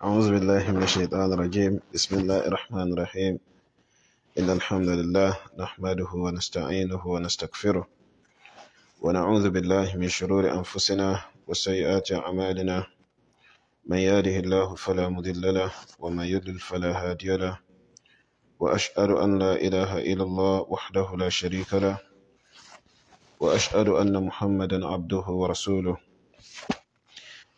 أعوذ بالله من الشيطان الرجيم بسم الله الرحمن الرحيم إن الحمد لله نحمده ونستعينه ونستغفره ونعوذ بالله من شرور أنفسنا وسيئات أعمالنا من يهده الله فلا مضل له ومن يضلل فلا هادي له وأشهد أن لا إله إلا الله وحده لا شريك له وأشهد أن محمدا عبده ورسوله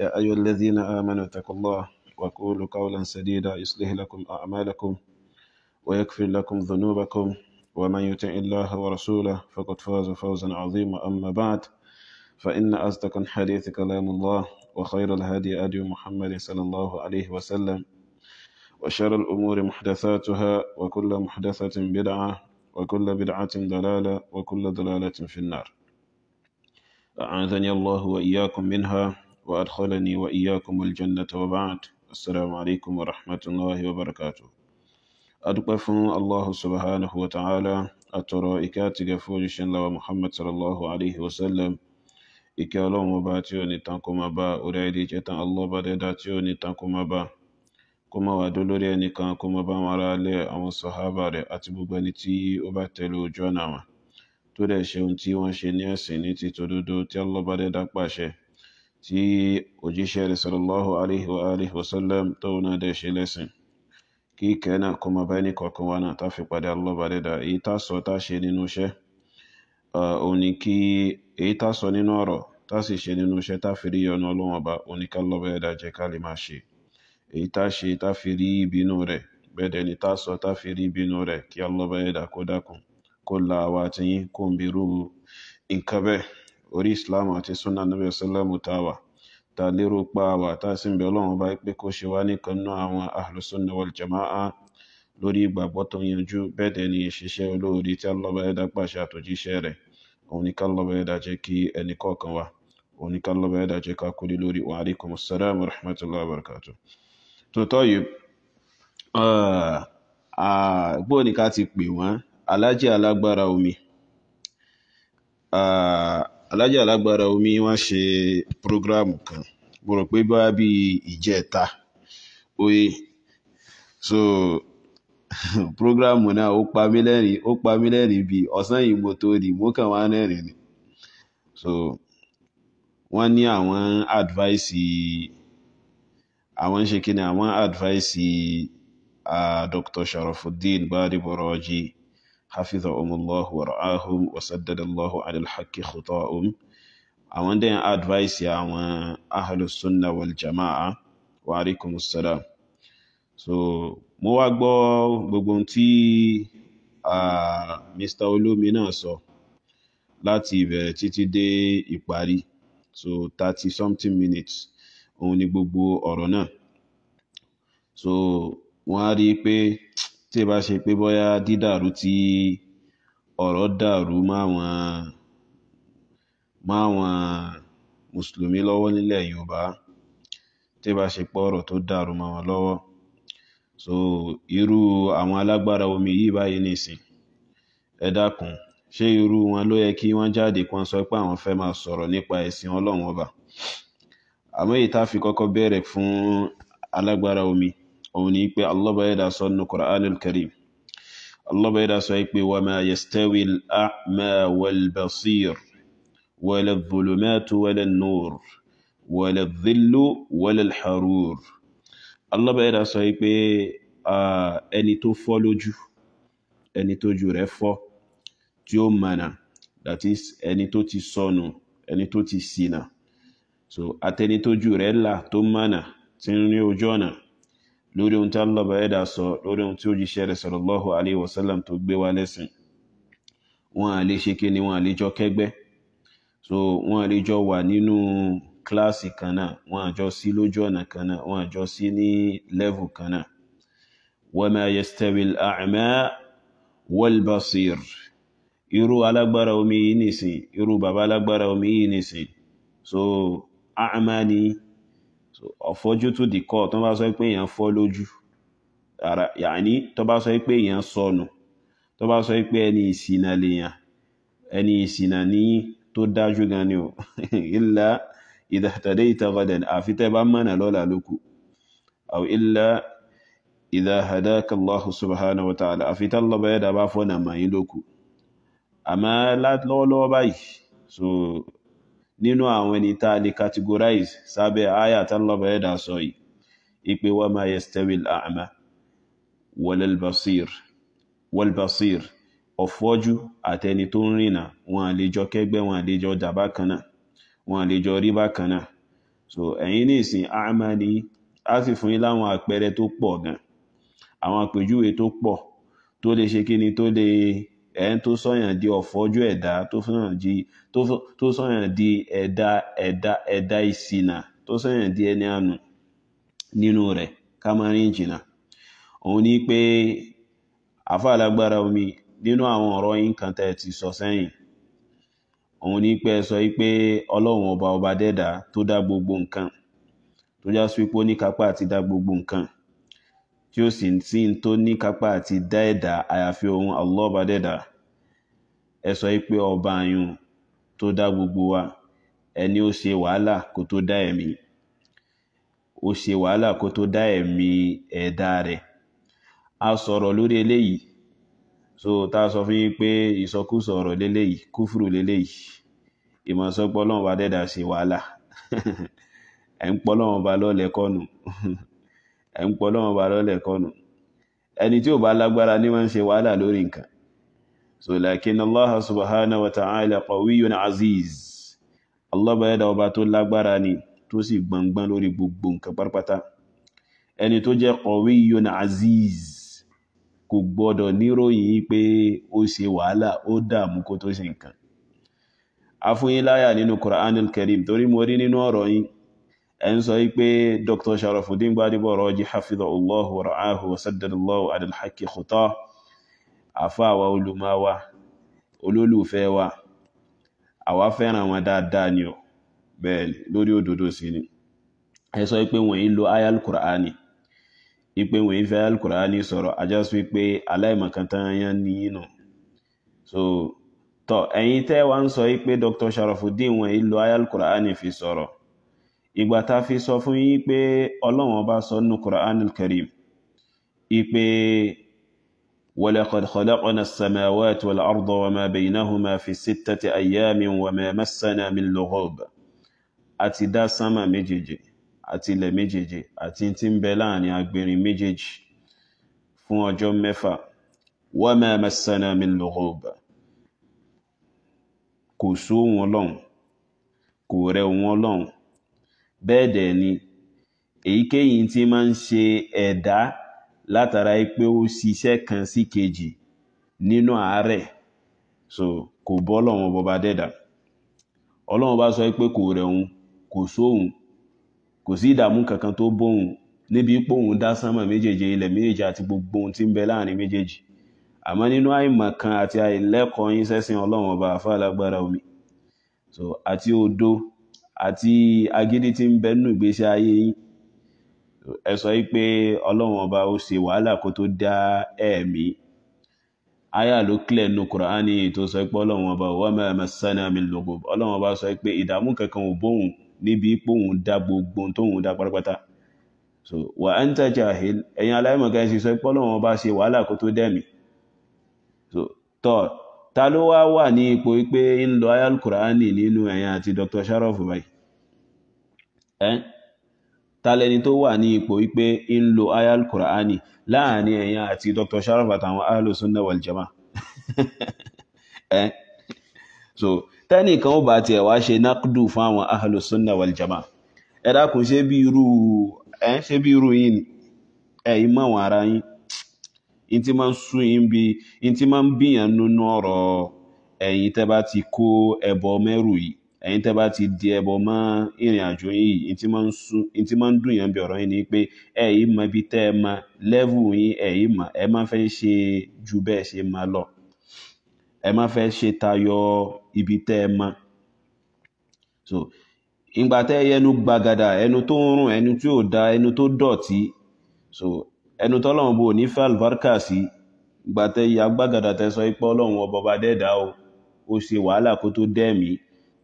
يا أيها الذين آمنوا اتقوا الله وقولوا قولا سديدا يصلح لكم أعمالكم ويكفر لكم ذنوبكم ومن يطع الله ورسوله فقد فاز فوزا عظيما أما بعد فإن أصدق الحديث كلام الله وخير الهدي هدي محمد صلى الله عليه وسلم وشر الأمور محدثاتها وكل محدثة بدعة وكل بدعة ضلالة وكل ضلالة في النار أعاذني الله وإياكم منها وأدخلني وإياكم الجنة وبعد السلام عليكم ورحمة الله وبركاته أدقفن الله سبحانه وتعالى أترى إكاتك فوجش الله محمد صلى الله عليه وسلم ìkẹ́ ọlọ́run ọba tí ò ní tán kó máa bá orí ayé jẹ́ tán ọlọ́ba dẹ́dá tí ò ní tán kó máa bá kó máa wà dó lórí ẹnìkan kó máa bá wọn ara alẹ́ àwọn sàhábà rẹ̀ àti gbogbo ẹni tí ó bá tẹ̀lé ojú ọ̀nà wọn tó dẹ̀ ṣe ohun tí wọ́n ṣe ní ẹ̀sìn ní ti tòdodo tí ọlọ́ba dẹ́dá pàṣẹ tí òjíṣẹ́ rẹ̀ sallallahu alaihi tó alihi náà dẹ̀ ṣe lẹ́sìn kí ìkẹ́ náà kó máa kọ̀ọ̀kan náà padà èyí sọ nínú iṣẹ́ òní kí èyí nínú ọ̀rọ̀ tá sì ṣe nínú iṣẹ́ rí ọ̀nà ọlọ́wọ́n jẹ́ ká lè ṣe èyí rí ìbínú rẹ̀ bẹ́ẹ̀ dẹ̀ orí islam àti sunna nabi sallam tá a wà tá a lérò pa wà tá a sì ń bẹ ọlọ́run ọba pé kó ṣe wá nìkan nú àwọn ahlu sunna wal jama'a lórí ìgbàgbọ́ tó yanjú bẹ́ẹ̀ dẹ̀ ni ìṣiṣẹ́ olóore tí alọ́ba ẹ̀dá pàṣẹ àtòjíṣẹ́ rẹ̀ òun ni ká lọ́ba ẹ̀dá jẹ́ kí ẹnì kọ̀ọ̀kan wa òun ni ẹ̀dá jẹ́ ká kúlé lórí wa alaikum assalam wa rahmatullahi tó tọ́ yìí gbọ́n ni ká ti pè wọ́n alájẹ́ alágbára omi alájà lágbára omi wọ́n ṣe prógráàmù kan mo rò pé bá bí ìjẹta oye so programu náà ó pa mí lẹ́rìn ó pa mí lẹ́rìn bíi ọ̀sán yìí mo tó rí mo kàn wá lẹ́rìn ni so wọ́n ní àwọn advice àwọn ṣe kí ni àwọn advice uh, ah, Dr. Sharafuddin Gbadebọ̀rọ̀jì hafizahum allah wa ra'ahum wa saddada allah ala al-haqqi khuta'um àwọn dẹ̀ advice ya àwọn ahlus sunna wal so mo wá gbọ́ gbogbo tí mr olómi náà sọ láti ìbẹ̀rẹ̀ títí dé ìparí so thirty something minutes òun ni gbogbo ọ̀rọ̀ náà so wọ́n á rí i pé tí ì bá ṣe pé bóyá dídàrú tí ọ̀rọ̀ dàrú máwọn máwọn mùsùlùmí lọ́wọ́ nílẹ̀ yorùbá tí ì bá ṣe pé ọ̀rọ̀ tó dàrú máwọn lọ́wọ́ so irú àwọn alágbára omi yìí báyìí nìsín ẹ dákun ṣé irú wọn ló yẹ kí wọ́n jáde kan sọ pé àwọn fẹ́ máa sọ̀rọ̀ nípa ẹ̀sìn ọlọ́run ọba àmọ́ èyí tá a fi kọ́kọ́ bẹ̀rẹ̀ fún alágbára omi òun ni pé Allah yẹ́dà sọ nínú Qur'anul Karim Allah yẹ́dà sọ pé wa ma yastawi al-a'ma wal-basir wala al-dhulumatu wala an-nur wala al-dhillu wala al-harur yẹ́dà sọ pé ẹni tó fọ́ lójú ẹni tójú rẹ̀ fọ́ tí ó mọ̀nà that is ẹni tó ti sọnù ẹni tó ti ṣìnà so àtẹni tójú rẹ̀ là tó mọ̀nà tí ń rí ojú ọ̀nà lórí ohun tí Allah bá ẹ̀dà sọ lórí ohun tí ó jíṣẹ́ rẹ̀ sallallahu alayhi wa sallam tó gbé wa lẹ́sìn wọn à lè ṣe kí ni wọn à lè jọ kẹ́gbẹ́ so wọn à lè jọ wà nínú kíláàsì kan náà wọn à jọ sí lójú ọ̀nà kan náà wọn à sí ní lẹ́vù kan náà wa ma yastawi al-a'ma wal irú alágbára omi yìí nìsín irú bàbá alágbára omi yìí nìsín so a'ma ni ọ̀fọ́jútù dìkọ́ tó bá sọ pé èèyàn fọ́ lójú ara yàní tó bá sọ pé èèyàn sọnù tó bá sọ pé ẹni ìsìnà lèèyàn ẹni ìsìnà ní tó dájú gan ni o ilà ìdàtàdé ìtàgọ̀dẹ̀ àfi tẹ́ bá mọ̀nà lọ́la lóku aw ilà ìdàhàdáka Allahu subhanahu wa ta'ala àfi tẹ́ lọ́bàá bá fọ́nà màyín lóku àmọ́ lọ́wọ́lọ́wọ́ báyìí so nínú àwọn ẹni tá a lè categorize sábẹ́ àyà tá lọ́bàá ẹ̀dà sọ yìí ipe wa ma yastawil a'ma walal basir wal basir àtẹni tó ń rìnà wọn à lè jọ kẹ́gbẹ́ wọn à lè jọ dà bákan náà wọn à lè jọ rí bákan náà so ẹ̀yin ní ìsìn àmà ni a sì fún yín láwọn àpẹẹrẹ tó pọ̀ gan àwọn àpèjúwe tó pọ̀ tó lè ṣe kí ni tó lè ẹn tó sọyàn di ọ̀fọ́jú ẹ̀dá tó sọyàn di ẹ̀dá ẹ̀dá ẹ̀dá ìṣìnà tó sọyàn di ẹni àánú nínú rẹ̀ ká máa rìn jìnnà òun ni pé àfa omi nínú àwọn ọ̀rọ̀ yín kan tẹ́ ti sọ sẹ́yìn òun ní pé sọ pé ọlọ́run ọba ọba dẹ́dà tó dá gbogbo nǹkan tó já sí pé ó ní kápá àti dá gbogbo nǹkan tí ó sì sí ń tó ní kápá àti dá ẹ̀dá àyàfi ohun Allah ọba dẹ́dà ẹ sọ pé ọba àyùn tó dá gbogbo wa ẹni ó ṣe wàhálà kó tó dá ẹ̀mí ó ṣe wàhálà kó tó dá ẹ̀mí ẹ̀dá rẹ̀ a sọ̀rọ̀ lórí eléyìí so tá a sọ fún yín pé ìsọkúsọ ọ̀rọ̀ léléyìí kúfùrù léléyìí ìmọ̀sọ́pọ̀ ọlọ́run ọba dẹ́dà ṣe wàhálà ẹ̀ ń pọ́ ọlọ́run ọba ẹ̀ ń pọ́ lọ́wọ́ bá lọ́lẹ̀ kọ́nu ẹni tí ò bá lágbára ní wọ́n ń ṣe wàhálà lórí nǹkan so lakin Allah subhanahu wa ta'ala qawiyyun aziz Allah bá ẹ̀dá ọba tó lágbára ni tó sì gbọ̀ngbọ́n lórí gbogbo nǹkan pátápátá ẹni tó jẹ́ qawiyyun aziz kò gbọ́dọ̀ níròyìn pé ó ṣe wàhálà ó dààmú kó tó ṣe nǹkan afúnyín láyà nínú Qur'anul Karim torí mo rí nínú ọ̀rọ̀ yín ẹ̀ ń sọ pé dr sharafuddin gbadebo rọjí hafidhahullahu wa ra'ahu wa saddadallahu adal haqqi khuta àfáàwà olùmọ́wà olólùfẹ́ wa àwa fẹ́ràn wọn dáadáa ni ọ bẹ́ẹ̀ lórí òdodo sí ni ẹ sọ pé wọ́n ń lo ayal qur'ani ipe wọ́n ń fẹ́ ayal qur'ani sọ̀rọ̀ ajásù pé aláìmọ̀kan tán yán so tọ ẹ̀yin tẹ́ wá ń sọ pé dr sharafuddin wọ́n ń lo ayal qur'ani fi sọ̀rọ̀ ìgbà tá a fi sọ fún yín pé ọlọ́run ọba sọ nínú Qur'an al-Karim ipe walaqad khalaqna as-samawati wal-arda wa ma baynahuma fi sittati ayyamin wa ma massana min lughub àti dá sánmà méjèèjì àti ilẹ̀ méjèèjì àti tí ń bẹ láàrin agbèrin méjèèjì fún ọjọ́ mẹ́fà wa ma massana min lughub kò sóhun ọlọ́run kò rẹ̀ òun ọlọ́run bẹ́ẹ̀ dẹ̀ ni èyíkéyìí tí máa ń ṣe ẹ̀dá látara pé ó ṣiṣẹ́ kan sí kejì nínú àárẹ̀ so kò bọ́ ọlọ́run bọba dẹ́dà ọlọ́run bá sọ pé kò rẹ̀hun kò sóhun kò sí ìdààmú kankan tó bóhun níbi póhun dá sánmà méjèèjì ilẹ̀ méjèèjì àti gbogbo ohun tí ń bẹ láàrin méjèèjì àmọ́ nínú àìmọ̀ kan àti àìlẹ́kọ̀ọ́ yín sẹ́sìn ọlọ́run ọba àfa alágbára omi so àti odó àti agídí tí ń bẹ nínú ìgbésí ayé yín ẹ sọ pé ọlọ́run ọba ó ṣe wàhálà kó tó dá ẹ̀mí aya ló kílẹ̀ nínú kùránì tó sọ pé ọlọ́run ọba wà ma massana min lughub ọlọ́run ọba sọ pé ìdààmú kankan ò bóun níbi póun dá gbogbo tóun dá pátápátá so wà á ń tàjà ẹ̀yìn aláìmọ̀ká ẹ̀ sì sọ pé ọlọ́run ọba ṣe wàhálà kó tó dẹ̀mí so tọ́ọ̀ ta ló wá wà ní ipò pé ń lọ nínú ẹ̀yìn àti Dr. Sharof báyìí ẹ́ ta lẹni tó wà ní ipò pé ń kùránì láàrin ẹ̀yìn àti Dr. Sharof àtàwọn ahlùsúnnà jama ẹ́ so ó bá tiẹ̀ wá ṣe nákùdù fún àwọn bí ara in ti máa ń sún yín bí in ti máa ń bíyàn nínú ọ̀rọ̀ ẹ̀yin tẹ́ bá ti kó ẹbọ mẹ́rù yìí ẹ̀yin tẹ́ bá ti di ẹbọ mọ́ ìrìn àjò yìí in máa ń sún in máa ń dùn yàn bí ọ̀rọ̀ yìí ni pé ẹ̀ mọ ibi tẹ́ ẹ mọ lẹ́vù yín ẹ̀ mọ ẹ má fẹ́ ṣe ju bẹ́ẹ̀ ṣe máa lọ ẹ má fẹ́ ṣe tayọ ibi tẹ́ ẹ mọ so ìgbà tẹ́ ẹyẹnu gbàgàdà ẹnu tó ń rùn ẹnu tí ò da ẹnu tó dọ̀tí so ẹnu tọ́lọ́run bò ní fẹ́ àlùbáríkà sí gbàtẹ́ ìyá gbàgàdà tẹ́sọ ipò ọlọ́run ọba ọba dẹ́ẹ̀dá o ó ṣe wàhálà kó tó dẹ́ẹ̀mí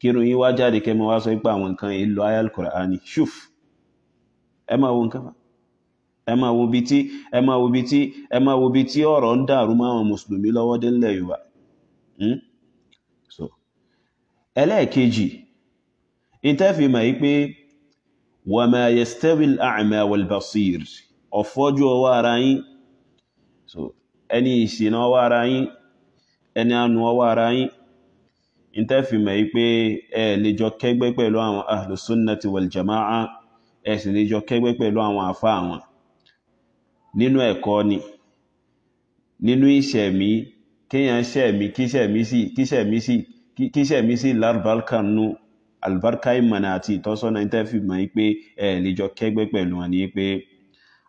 kírun yín wá jáde kẹ́ mọ́ wá sọ pé àwọn nǹkan yìí lọ ayé alukur'ani ṣùf ẹ máa wo nǹkan fa ẹ máa wo bi tí ẹ máa wo bi tí ẹ máa wo bi tí ọ̀rọ̀ ń dàrú mọ́ àwọn mùsùlùmí lọ́wọ́ dé ńlẹ̀ yorùbá hmm? so ẹlẹ́ẹ̀kejì ìtẹ́fìmọ̀ yìí pé wàmà yẹstẹ́wìl àmà wàlbàṣírì ọ̀fọ́jú ọwọ́ ara yín so ẹni ìṣìnà ọwọ́ ara yín ẹni anù ọwọ́ ara yín ìtẹ́fìmẹ̀ yí pé ẹ lè jọ kẹ́gbẹ́ pẹ̀lú àwọn ahlu sunnati jama'a ẹ sì lè jọ kẹ́gbẹ́ pẹ̀lú àwọn àfá àwọn nínú ẹ̀kọ́ ni nínú ìṣẹ̀mí kéèyàn ṣẹ̀mí kíṣẹ̀mí sí kíṣẹ̀mí sí kíṣẹ̀mí sí lárúbáríkà nù àlùbáríkà ìmọ̀nà àti ìtọ́sọ́nà ìtẹ́fìmẹ̀ yí pé ẹ lè jọ kẹ́gbẹ́ pẹ̀lú wọn ni pé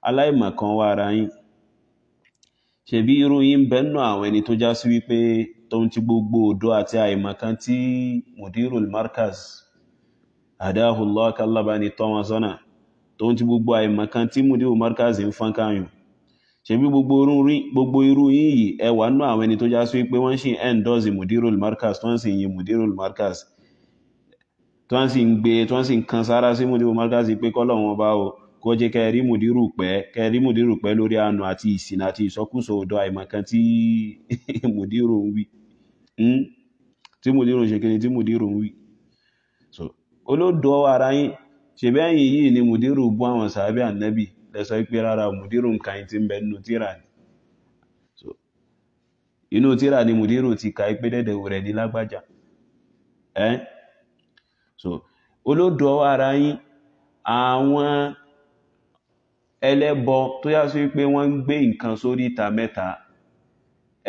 aláìmọ̀kan wá ara yín ṣebí irú yín bẹ́nu àwọn ẹni tó já sí wípé tóun ti gbogbo òdo àti àìmọ̀kan tí mudirul markaz adahullah kálábàáni tọ́wọn sọ́nà tóun ti gbogbo àìmọ̀kan tí mudirul markaz ń fọ́n káyùn ṣebí gbogbo irú yín yìí ẹwà nú àwọn ẹni tó já sí wípé wọ́n sì endorse mudirul markaz tó ń sì yin mudirul markaz tó ń sì ń gbé tó ń sì ń kan sára sí mudirul markaz pé kọ́lọ̀ wọn bá o kó jẹ́ kẹ́ rí mùdírù pẹ́ kẹ́ rí mùdírù pẹ́ lórí àánú àti ìsìn àti ìsọkúsọ ọ̀dọ̀ àìmọ̀kan tí mùdírù ń wí hmm? tí mùdírù ń ṣe kí ni tí mùdírù ń wí so olóòdó ara yín ṣe bẹ́yìn yìí ni mùdírù bú àwọn sàábẹ́ ànábì lẹ́sọ pé rárá mùdírù ń kàyín tí ń bẹ nínú tíra ni so inú tíra ni mùdírù ti kà pé dẹ́dẹ̀ rẹ̀ ní lágbájá ẹ́ so olóòdó ara yín àwọn ẹlẹ́bọ tó yá sí pé wọ́n ń gbé nǹkan sórí ìta mẹ́ta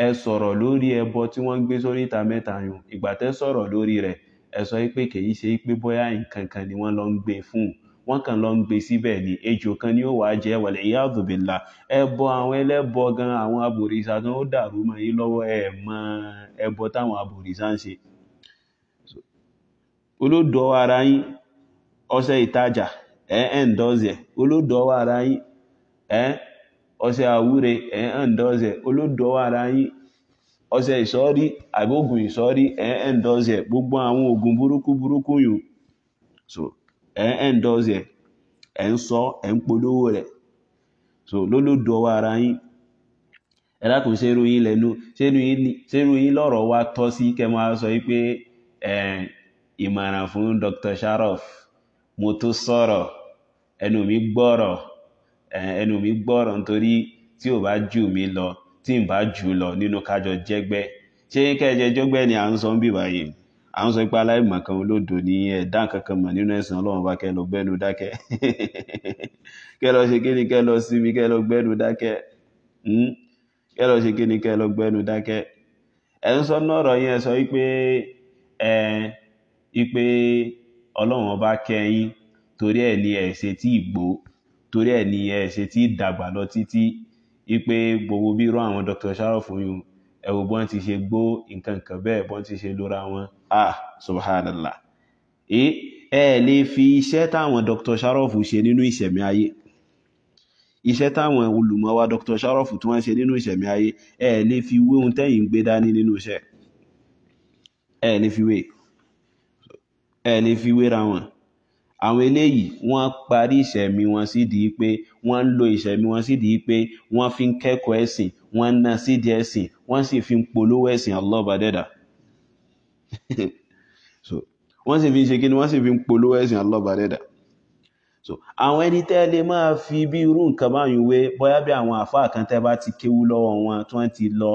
ẹ sọ̀rọ̀ lórí ẹbọ tí wọ́n ń gbé sórí ìta mẹ́ta yùn ìgbà tẹ́ sọ̀rọ̀ lórí rẹ̀ ẹ sọ pé kìí ṣe pé bóyá nǹkan kan ni wọ́n lọ ń gbé fún wọ́n kàn lọ ń gbé ni ejò kan ni ó wàá jẹ́ wàlẹ̀ ìyá àdùbìlà ẹbọ àwọn ẹlẹ́bọ gan àwọn abòrìṣà gan ó dàrú yín lọ́wọ́ mọ ẹbọ táwọn ń ṣe olódò ara yín ìtajà ọṣẹ àwúre ẹ̀ẹ́ǹdọ́ọ̀sẹ̀ olódọ́wàrá yín ọṣẹ ìṣọ́rí àbógun ìṣọ́rí ẹ̀ẹ́ǹdọ́ọ̀sẹ̀ gbogbo àwọn oògùn burúkú burúkú yùn so ẹ̀ẹ́ǹdọ́ọ̀sẹ̀ ẹ̀ ń sọ ẹ̀ ń so lólódọ́wàrá yín ẹ̀dá kò ṣe ròyìn lẹ́nu ṣe ròyìn wa sí sọ pé fún Dr. Sharof mo tó mi ẹnu mi gbọ́rọ̀ nítorí tí ò bá jù mí lọ tí n bá jù lọ nínú kájọ jẹ́gbẹ́ ṣé kẹ́jẹ jọ́gbẹ́ ni à ń sọ ń bì báyìí à ń sọ pé aláìmọ̀ kan olódò ní ẹ̀dá kankan mọ̀ nínú ẹ̀sìn ọlọ́run bá kẹ́ lọ gbẹ́nu dákẹ́ kẹ́ lọ ṣe kíni kẹ́ lọ sinmi kẹ́ lọ gbẹ́nu dákẹ́ hmm? kẹ́ lọ ṣe kíni kẹ́ lọ gbẹ́nu dákẹ́ ẹ̀ ń sọ náà yẹn sọ wípé ẹ̀ wípé ọlọ́run ọba kẹ́yìn torí ẹ̀ ní ẹ̀ ṣe tí ìgbó torí ẹ̀ ni ẹ ṣe ti dàgbà lọ títí wípé gbogbo bíró àwọn Dr. Sharof yìí ẹ wo bọ́n ti ṣe gbó nǹkan kan bẹ́ẹ̀ bọ́n ti ṣe lóra wọn ah subhanallah ẹ ẹ lè fi iṣẹ́ táwọn Dr. Sharof ṣe nínú ìṣẹ̀mí ayé iṣẹ́ táwọn olùmọ̀ wa Dr. Sharof tí wọ́n ṣe nínú ìṣẹ̀mí ayé ẹ lè fi wé ohun tẹ́yìn gbé dání nínú iṣẹ́ ẹ lè fi wé ẹ lè fi wéra wọn àwọn eléyìí wọ́n parí ìṣẹ̀mí wọn sídìí pé wọ́n ń lo ìṣẹ̀mí wọn sídìí pé wọ́n fi ń kẹ́kọ̀ọ́ ẹ̀sìn wọ́n ń ná sídìí ẹ̀sìn wọ́n sì fi ń polówó ẹ̀sìn Allah so wọ́n sì fi ń ṣe kí ni wọ́n sì fi ń polówó ẹ̀sìn Allah so àwọn ẹni tẹ́ lè máa fi bí irú nǹkan báyìí wé bóyá bí àwọn àfáà kan tẹ́ bá ti kéwú lọ́wọ́ wọn tí wọ́n ti lọ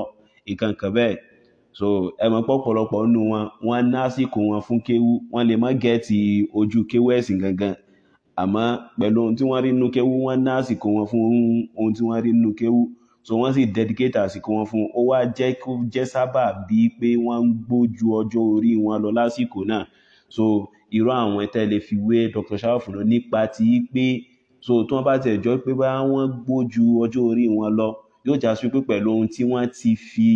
nǹkan kan bẹ́ẹ̀ so ẹ mọ̀ pọ̀ pọ̀lọpọ̀ nínú wọn wọ́n násìkò wọn fún kéwú wọ́n lè má gẹ̀ẹ́tì ojú kéwú ẹ̀sìn gangan àmọ́ pẹ̀lú ohun tí wọ́n rí nínú kéwú wọ́n násìkò wọn fún ohun tí wọ́n rí nínú kéwú so wọ́n sì dedicate àsìkò wọn fún ó wá jẹ́ kó jẹ́ sábà bíi pé wọ́n ń gbójú ọjọ́ orí wọn lọ lásìkò náà so irú àwọn ẹ̀tẹ́ lè fi wé Dr. Sharaf lọ nípa ti pé so tí wọ́n bá tẹ̀ jọ pé bá wọ́n gbójú ọjọ́ orí wọn lọ yóò já sí pé pẹ̀lú ohun tí wọ́n ti fi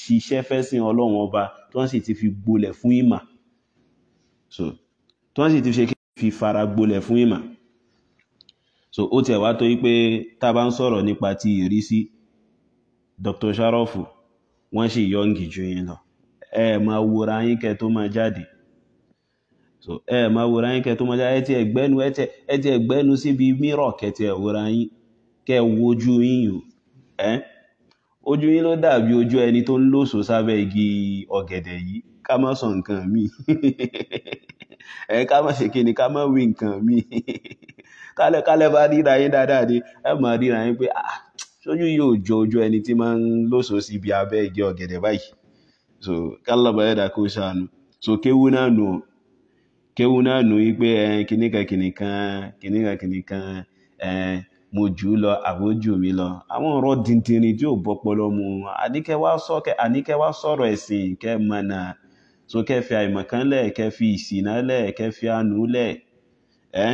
ṣiṣẹ́ fẹ́sìn ọlọ́run ọba tí wọ́n sì ti fi gbolẹ̀ fún ìmà so tí wọ́n sì ti fi fara gbolẹ̀ fún ìmà so ó tiẹ̀ wá tó yí pé tá a bá ń sọ̀rọ̀ nípa ti ìrísí Dr. Sharofu wọ́n sì yọǹgì ju yín lọ ẹ máa wòra yín kẹ́ tó máa jáde so ẹ máa wòra yín kẹ́ tó máa jáde ẹ ti ẹgbẹ́nu ẹ ti ẹgbẹ́nu síbi mírọ̀ kẹ́ ti ẹ̀wòra yín kẹ́ wojú yín yòó ojú yín ló dàbí ojú ẹni tó ń lòsò sábẹ́ igi ọ̀gẹ̀dẹ̀ yìí ká má sọ nǹkan ẹ ká má ṣe kíni ká má wí nǹkan míì kálẹ̀ kálẹ̀ bá ríra yín dáadáa ni ẹ mọ̀ ríra yín pé sójú ah, yóò jọ ojú ẹni tí máa ń lòsò sí ibi abẹ́ igi ọ̀gẹ̀dẹ̀ báyìí so kálọ̀ bá yẹ̀dá kó so náà nù ọ́ mo jù ú lọ àbó jù mi lọ àwọn ọ̀rọ̀ dìndìnrín tí ò bọ́pọlọ mu àníkẹ́ sọ̀rọ̀ ẹ̀sìn kẹ́ mọ̀nà kẹ́ fi lẹ̀ kẹ́ fi lẹ̀ kẹ́ fi àánú lẹ̀ ẹ́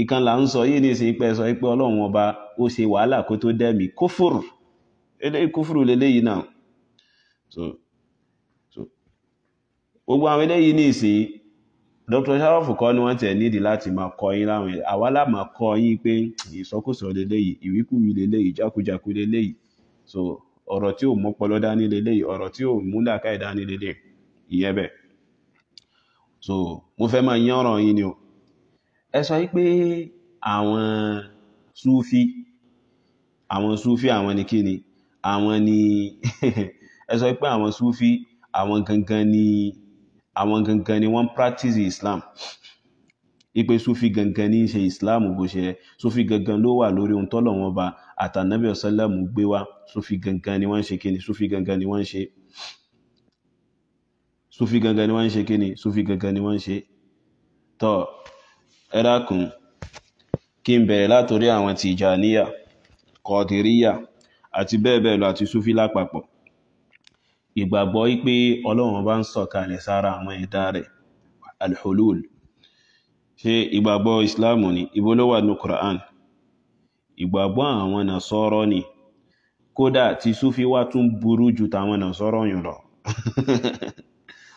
ìkan sọ yìí ní ìsìn pẹ́ sọ pé ọlọ́run ọba ó ṣe wàhálà kó tó dẹ́mi kófòrò eléyìí kófòrò náà gbogbo àwọn eléyìí Dr. Sharafu kọ́ ni wọ́n tẹ̀ nídìí láti máa kọ́ yín láwọn ẹ̀ àwa là máa kọ́ yín pé ìsọkúsọ leléyìí ìwíkúwí leléyìí jákujàku leléyìí so ọ̀rọ̀ tí ò mú ọpọlọ dání leléyìí ọ̀rọ̀ tí ò mú làákàyè dání leléyìí ìyẹn bẹ́ẹ̀ so mo fẹ́ máa yán ọ̀rọ̀ yín ni o ẹ sọ pé àwọn súfí àwọn súfí àwọn ni kí ni àwọn ni ẹ sọ pé àwọn súfí àwọn gangan ni àwọn gangan ni wọ́n practice islam ipe sufi gangan ní í ṣe islam bó ṣe yẹ sufi gangan ló wà lórí ohun tọ́lọ̀ wọn ba àtànábì ọ̀sálàmù gbé wá sufi gangan ni wọ́n ń ṣe kíni sufi gangan ni wọ́n ń ṣe sufi gangan ni wọ́n ń ṣe kíni sufi gangan ni wọ́n ń ṣe tọ́ ẹ dákun kí n bẹ̀rẹ̀ látòrí àwọn tìjàníyà kọ̀dìríyà àti bẹ́ẹ̀ bẹ́ẹ̀ lọ àti sufi lápapọ̀ ìgbàgbọ́ pé ọlọ́run bá ń sọ̀kalẹ̀ sára àwọn ẹ̀dá rẹ̀ alhulul ṣe ìgbàgbọ́ islamu ni ibo ló wà ní Qur'an ìgbàgbọ́ àwọn nàṣọ́rọ́ ni kódà tí súfí wá tún burú ju tàwọn nàṣọ́rọ́ yìí lọ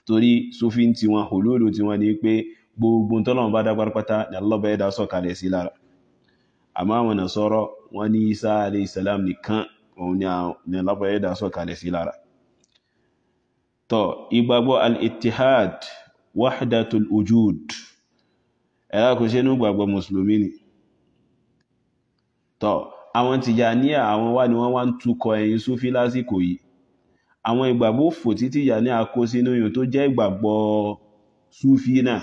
torí súfí tí wọn hululu tí wọn ní pé gbogbo tọ́lọ́run bá dá pátápátá ni Allah ẹ̀dá sọ̀kalẹ̀ sí lára àmọ́ àwọn nàṣọ́rọ́ wọn ní Isa alayhi salam nìkan òun ni Allah ẹ̀dá sọ̀kalẹ̀ sí lára tọ́ ìgbàgbọ́ al-ittihad wahdatul wujud ẹ̀rá kò ṣe ní gbàgbọ́ mùsùlùmí ni tọ́ àwọn tìjàníyà àwọn wá ni wọ́n wá ń túkọ̀ ẹ̀yìn súfí lásìkò yìí àwọn ìgbàgbọ́ òfò tí tìjàníyà kó sínú yìí tó jẹ́ ìgbàgbọ́ súfí náà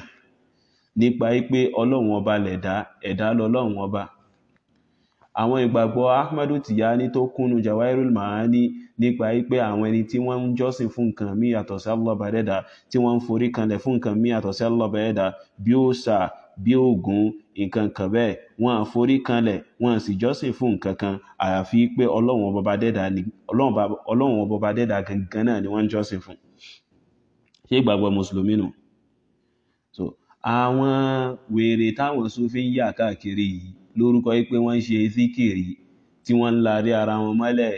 nípa pé ọlọ́run ọba lẹ̀dá ẹ̀dá lọ́lọ́run ọba àwọn ìgbàgbọ́ ahmadu tijani tó kúnnu jawairul mahani nípa wípé àwọn ẹni tí wọ́n ń jọ́sìn fún nǹkan mí yàtọ̀ sí Allah ọba dẹ́dà tí wọ́n ń forí kanlẹ̀ fún nǹkan mí yàtọ̀ sí Allah ọba dẹ́dà bí òòṣà bí nǹkan kan bẹ́ẹ̀ wọ́n á forí kanlẹ̀ wọ́n á sì jọ́sìn fún nǹkan kan àyàfi pé ọlọ́run ọba dẹ́dà ni ọlọ́run dẹ́dà gangan náà ni wọ́n ń jọ́sìn fún ṣé ìgbàgbọ́ mùsùlùmí nù so àwọn wèrè táwọn sófin yà káàkiri yìí lórúkọ yìí pé wọ́n ń ṣe síkìrì tí wọ́n ń larí ara wọn mọ́lẹ̀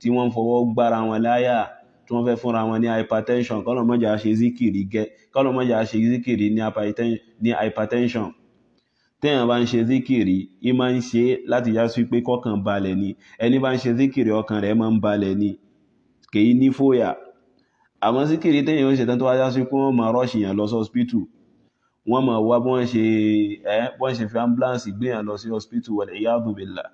tí wọ́n ń fọwọ́ gbára wọn láyà tí wọ́n fẹ́ fúnra wọn ní hypertension kọ́lọ̀ mọ́jà ṣe síkìrì gẹ́ kọ́lọ̀ mọ́jà ṣe síkìrì ní hypertension téèyàn bá ń ṣe síkìrì yìí máa ń ṣe láti yá sí pé kọ́kàn balẹ̀ ni ẹni bá ń ṣe síkìrì ọkàn rẹ̀ máa ń balẹ̀ ni kì í ní fòyà àmọ́ síkìrì téèyàn ń ṣe tán tó wá yá sí pé wọ́n máa rọ́ọ̀ṣì yàn lọ sọ́spítù wọ́n máa wá bọ́n ṣe ẹ́ bọ́n ṣe fi ambulance gbéyàn lọ sí hospital wal iyadu billah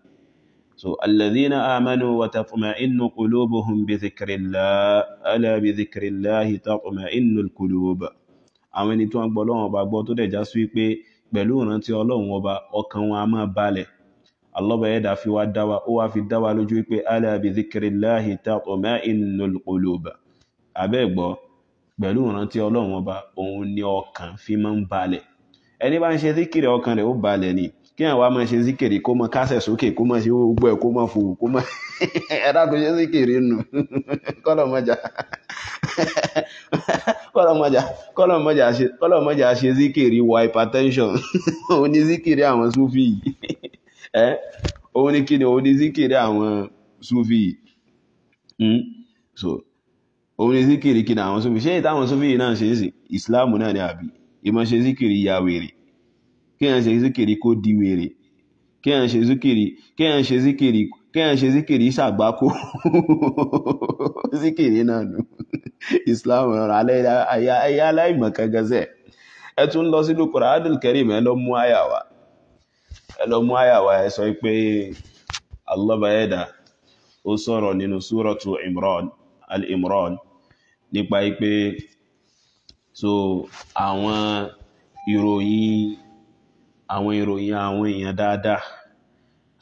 so alladhina amanu wa tatma'innu qulubuhum bi dhikrillah ala bi dhikrillah tatma'innul qulub àwọn ẹni tó ń gbọ́ lọ́wọ́n ọba gbọ́ tó dẹ̀ já sí pé pẹ̀lú ìrántí ọlọ́run ọba ọkàn wọn a máa balẹ̀ alọ́ba ẹ̀dá fi wá dá wa ó wá fi dá wa lójú wípé ala bi dhikrillahi tatma'innul qulub gbọ́ pẹ̀lú ìrántí ọlọ́run ọba òun ni ọkàn fi máa ń balẹ̀ ẹni bá ń ṣe zikiri ọkàn rẹ̀ ó balẹ̀ ni kí àwọn wa máa ṣe zikiri kó máa kásẹ̀ sókè kó máa ṣe gbogbo ẹ̀ kó máa fò kó máa ẹ̀dá kò ṣe zikiri nù kọ́lọ̀ mọ́jà kọ́lọ̀ mọ́jà ṣe zikiri wa hypertension òun ni zikiri àwọn sufi ẹ́ òun ni kí ni òun ni zikiri àwọn sufi hmm? so orí zikiri kí náà àwọn sófì ṣé ìtàwọn sófì náà ṣe sí ìsìláàmù náà ni àbí ìmọ̀ ṣe zikiri ya wèrè kí ẹ̀ ń ṣe zikiri kó di wèrè kí ẹ̀ ń ṣe zikiri kí ẹ̀ ń ṣe zikiri kí ẹ̀ ń ṣe zikiri ṣàgbákò zikiri náà nù ìsìláàmù náà ayé aláìmọ̀ kẹgẹsẹ̀ ẹ tún lọ sínú Qur'anul Karim ẹ lọ mú àyà wa ẹ lọ mú àyà wa ẹ sọ pé Allah bá ẹ̀dá ó sọ̀rọ̀ nínú Suratu Imran al-Imran nípa pé so àwọn ìròyìn àwọn ìròyìn àwọn èèyàn dáadáa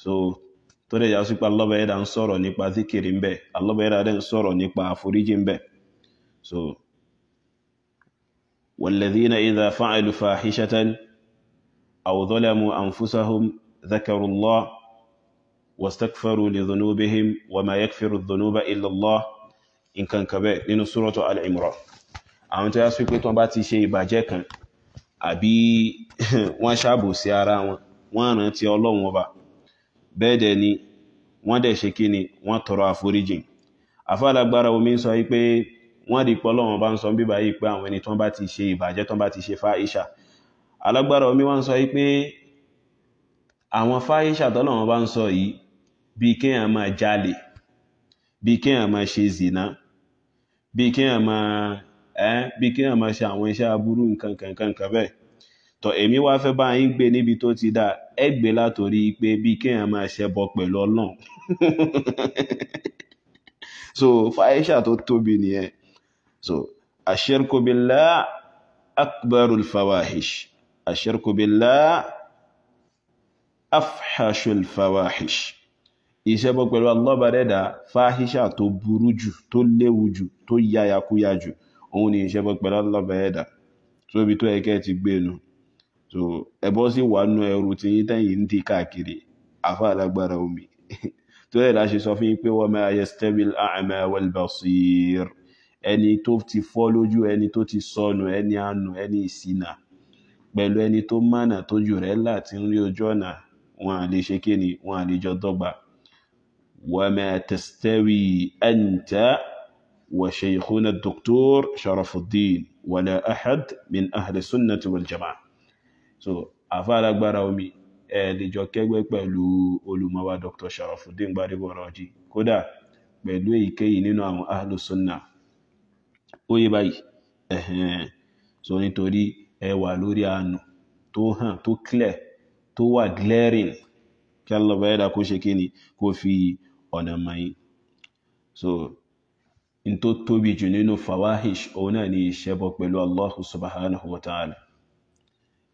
so tó dẹ̀ jásí pé Allah ẹ̀dà ń sọ̀rọ̀ nípa zikiri ń bẹ Allah ẹ̀dà dẹ̀ ń sọ̀rọ̀ nípa àforíjì ń bẹ so walladhina idha fa'alu fahishatan aw zalamu anfusahum dhakaru Allah واستغفروا لذنوبهم وما يغفر الذنوب إلا الله nǹkan kan bẹ́ẹ̀ nínú súrọ́tù al-imran àwọn tó yá sí pé tí wọ́n bá ti ṣe ìbàjẹ́ kan àbí wọ́n ṣàbò sí ara wọn wọ́n rántí ọlọ́run ọba bẹ́ẹ̀ dẹ̀ ni wọ́n dẹ̀ ṣe kí ni wọ́n tọrọ àforíjìn afálágbára omi ń sọ yí pé wọ́n di pé ọlọ́run ọba ń sọ bíbá yìí pé àwọn ẹni tí wọ́n bá ti ṣe ìbàjẹ́ tí wọ́n bá ti ṣe fáìṣà alágbára omi wá ń sọ yí pé àwọn fáìṣà tọ́lọ́run ọba ń sọ yìí bíi kéèyàn máa jalè bíi kéèyàn máa ṣe zìnà bí kéèyàn máa ẹ́ bí kéèyàn máa ṣe àwọn iṣẹ́ aburú nǹkan kankan kan bẹ́ẹ̀ tọ èmi wá fẹ́ bá yín gbé níbi tó ti dáa ẹ gbé látòrí pé bí kéèyàn máa ṣẹbọ pẹ̀lú Ọlọ́run so fàáyíṣà tó tóbi nìyẹn so ashirku billah akbarul fawahish ashirku billah afhashul fawahish. ìṣẹbọ pẹ̀lú alọ́bàdẹ́dà fáhíṣà tó burú jù tó léwu jù tó yáyakúyà jù òun ni ìṣẹbọ pẹ̀lú alọ́bàdẹ́dà tó ibi tó ẹkẹ́ ti gbé nu so ẹbọ sì wà nù ẹrù tí yín tẹ́yìn ń di káàkiri àfa omi tó yẹ láṣẹ sọ fún yín pé ẹni tó ti fọ́ lójú ẹni tó ti sọnù ẹni ẹni pẹ̀lú ẹni tó mánà tójú rẹ̀ láti rí ojú ọ̀nà wọn à lè ṣe wọn à وما تستوي أنت وشيخنا الدكتور شرف الدين ولا أحد من أهل السنة والجماعة so afara agbára omi ẹ lè jọ kẹ́gbẹ́ pẹ̀lú olùmọ̀wá dr Sharafuddin Gbadebo Raji kódà pẹ̀lú èyíkéyìí nínú àwọn ahlu sunna ó yé báyìí ẹ̀hẹ̀n so nítorí ẹ wà lórí àánú tó hàn tó clear tó wà glaring kí alọ́bàá ẹ̀dá kó ṣe kí ni kó fi ọ̀nà mọ́yìn so n tó tóbi jù nínú fawahish òun náà ni ìṣẹ́bọ pẹ̀lú allah subhanahu wa ta'ala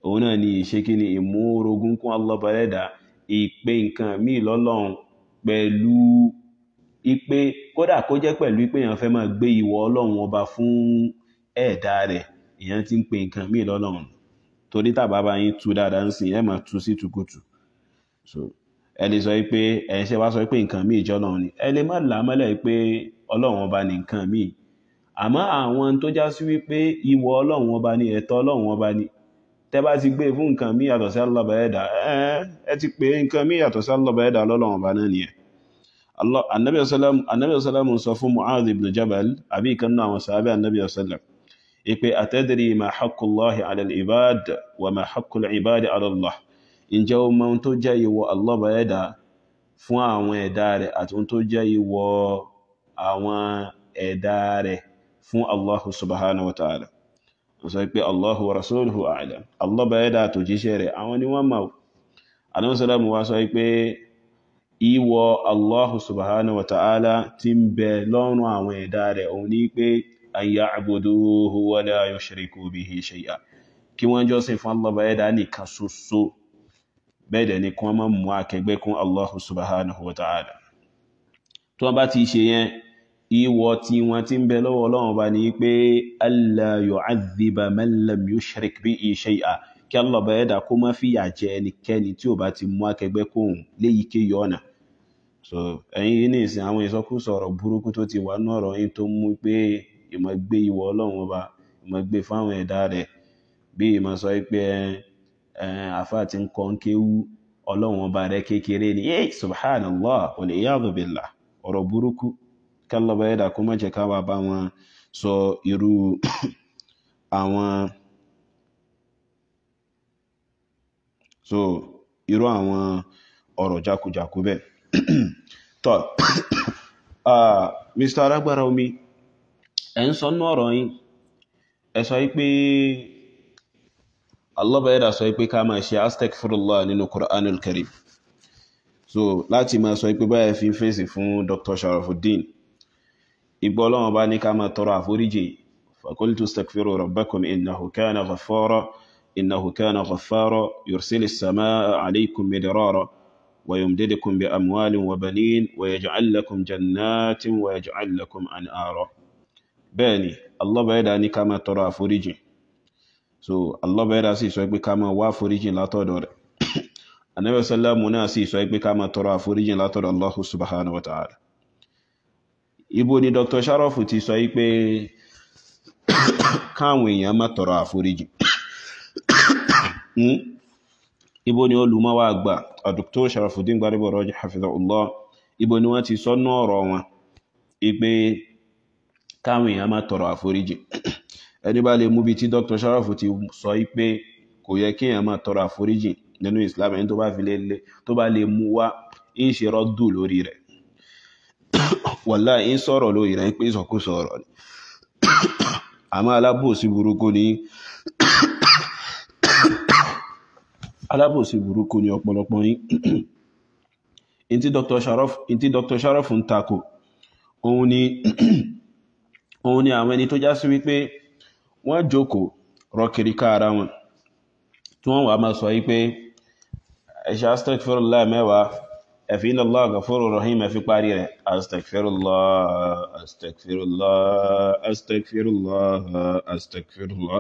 òun náà ni ìṣe kí ni ìpè nǹkan míì lọ́lọ́run pẹ̀lú ìpè kódà kó jẹ́ pẹ̀lú ìpè fẹ́ máa gbé ìwọ ọlọ́run ọba fún ẹ̀dá rẹ̀ ti ń pè nǹkan míì tu dáadáa ń sìn ẹ̀ tu sí tukutu ẹ lè sọ pé ẹ̀yin ṣe wá sọ pé nǹkan míì jọ ọlọ́run ni ẹ lè má là á mọ́lẹ̀ pé ọlọ́run ọba ni nǹkan míì àmọ́ àwọn tó já sí wípé ìwọ ọlọ́run ọba ni ẹ̀tọ́ ọlọ́run ọba ni tẹ́ bá ti gbé e fún nǹkan míì yàtọ̀ sí alọ́ba ẹ̀dá ẹ ti pé nǹkan míì yàtọ̀ sí alọ́ba ẹ̀dá ọlọ́run ọba náà nìyẹn anabi ọsọlẹmù sọ fún mu'adh ibn jabal àbí ìkan náà àwọn sàábẹ anabi ọsọlẹmù ìpè atadri ma haqqullahi ibad wa ma ibad ala ǹjẹ́ o mọ ohun tó jẹ́ ìwọ Allah ọba ẹ̀dá fún àwọn ẹ̀dá rẹ̀ àti ohun tó jẹ́ ìwọ àwọn ẹ̀dá rẹ̀ fún Allahu subhanahu wa ta'ala wọ́n sọ pé Allahu wa rasuluhu a'lam Allah ọba ẹ̀dá tó jíṣẹ́ rẹ̀ àwọn ni wọ́n mọ̀ àdáwọn sọ́dọ̀mù wá sọ pé ìwọ Allahu subhanahu wa ti ń bẹ lọ́rùn àwọn ẹ̀dá rẹ̀ òun ní pé an ya'buduhu wa la yushriku bihi shay'a kí wọ́n jọ́sìn fún Allah bẹ́ẹ̀ dẹ̀ ni kí wọ́n má mú akẹgbẹ́ kún Allahu subhanahu wa ta'ala ti ṣe yẹn ìwọ tí wọ́n ti ń bẹ lọ́wọ́ Ọlọ́run bá ní pé kí Allah bá kó má jẹ ẹnikẹ́ni tí ti mú akẹgbẹ́ so ẹ̀yin ní ìsìn àwọn ìsọkúsọ ọ̀rọ̀ burúkú sọ pé ẹ̀ Eh, àfáà ti ń kọ́ ọba rẹ̀ kékeré ni ẹ́ eh, subhanallah waliyadu ọ̀rọ̀ burúkú kálọ̀bà ẹ̀dà kó má jẹ́ bá sọ irú àwọn so irú àwọn ọ̀rọ̀ jákujàku Mr. Alágbára Omi ẹ̀ ń sọ nú ọ̀rọ̀ yín ẹ sọ Allah bá yẹ́dà sọ pé ká máa ṣe astaghfirullah nínú Karim so láti máa sọ pé báyẹ̀ fi ń fèsì fún Dr. Sharafuddin igbó ọlọ́run bá ní ká máa tọrọ àforíjì fakultu astaghfiru rabbakum innahu kana ghaffara innahu kana ghaffara yursil as-samaa alaykum midrara wa yumdidukum bi amwalin wa banin wa yaj'al lakum jannatin wa yaj'al lakum an'ara bẹ́ẹ̀ ni Allah bá yẹ́dà ní ká so Allah bẹ̀rẹ̀ sì sọ pé ká máa wá àforíjìn látọ̀dọ̀ rẹ̀ anabi sallamu náà sì sọ pé ká máa tọrọ àforíjìn látọ̀dọ̀ Allah subhanahu wa ta'ala ibo ni Dr. Sharafu ti sọ pé káwọn èèyàn má tọrọ àforíjìn hmm? ibo ni olùmọ́wà àgbà Dr. Sharafuddin Gbadebo Raji hafizahullah ibo ni wọ́n ti sọ náà ọ̀rọ̀ wọn ipe káwọn èèyàn má tọrọ àforíjìn ẹni bá lè mú bi tí Dr. Sharaf ti sọ yí pé kò yẹ kí èèyàn máa tọrọ àforíjì nínú Islam ẹni tó bá fi lè tó bá lè mú wá ń ṣe rọ́dù lórí rẹ̀ wàlá ń sọ̀rọ̀ lórí rẹ̀ ń pè sọ̀kúsọ ọ̀rọ̀ ni àmọ́ alábòsí burúkú ni alábòsí burúkú ni ọ̀pọ̀lọpọ̀ yín ntí Dr. Sharaf ntí Dr. Sharaf ń takò òun ni òun ni àwọn ẹni tó já sí wípé wọ́n jókòó rọkìríkà ara wọn tí wọ́n wà máa sọ yí pé ẹ̀ṣẹ́ astagfirullah mẹ́wàá ẹ̀fí iná Allah gafúrú rahim ẹ̀fí parí rẹ̀ astagfirullah astagfirullah astagfirullah astagfirullah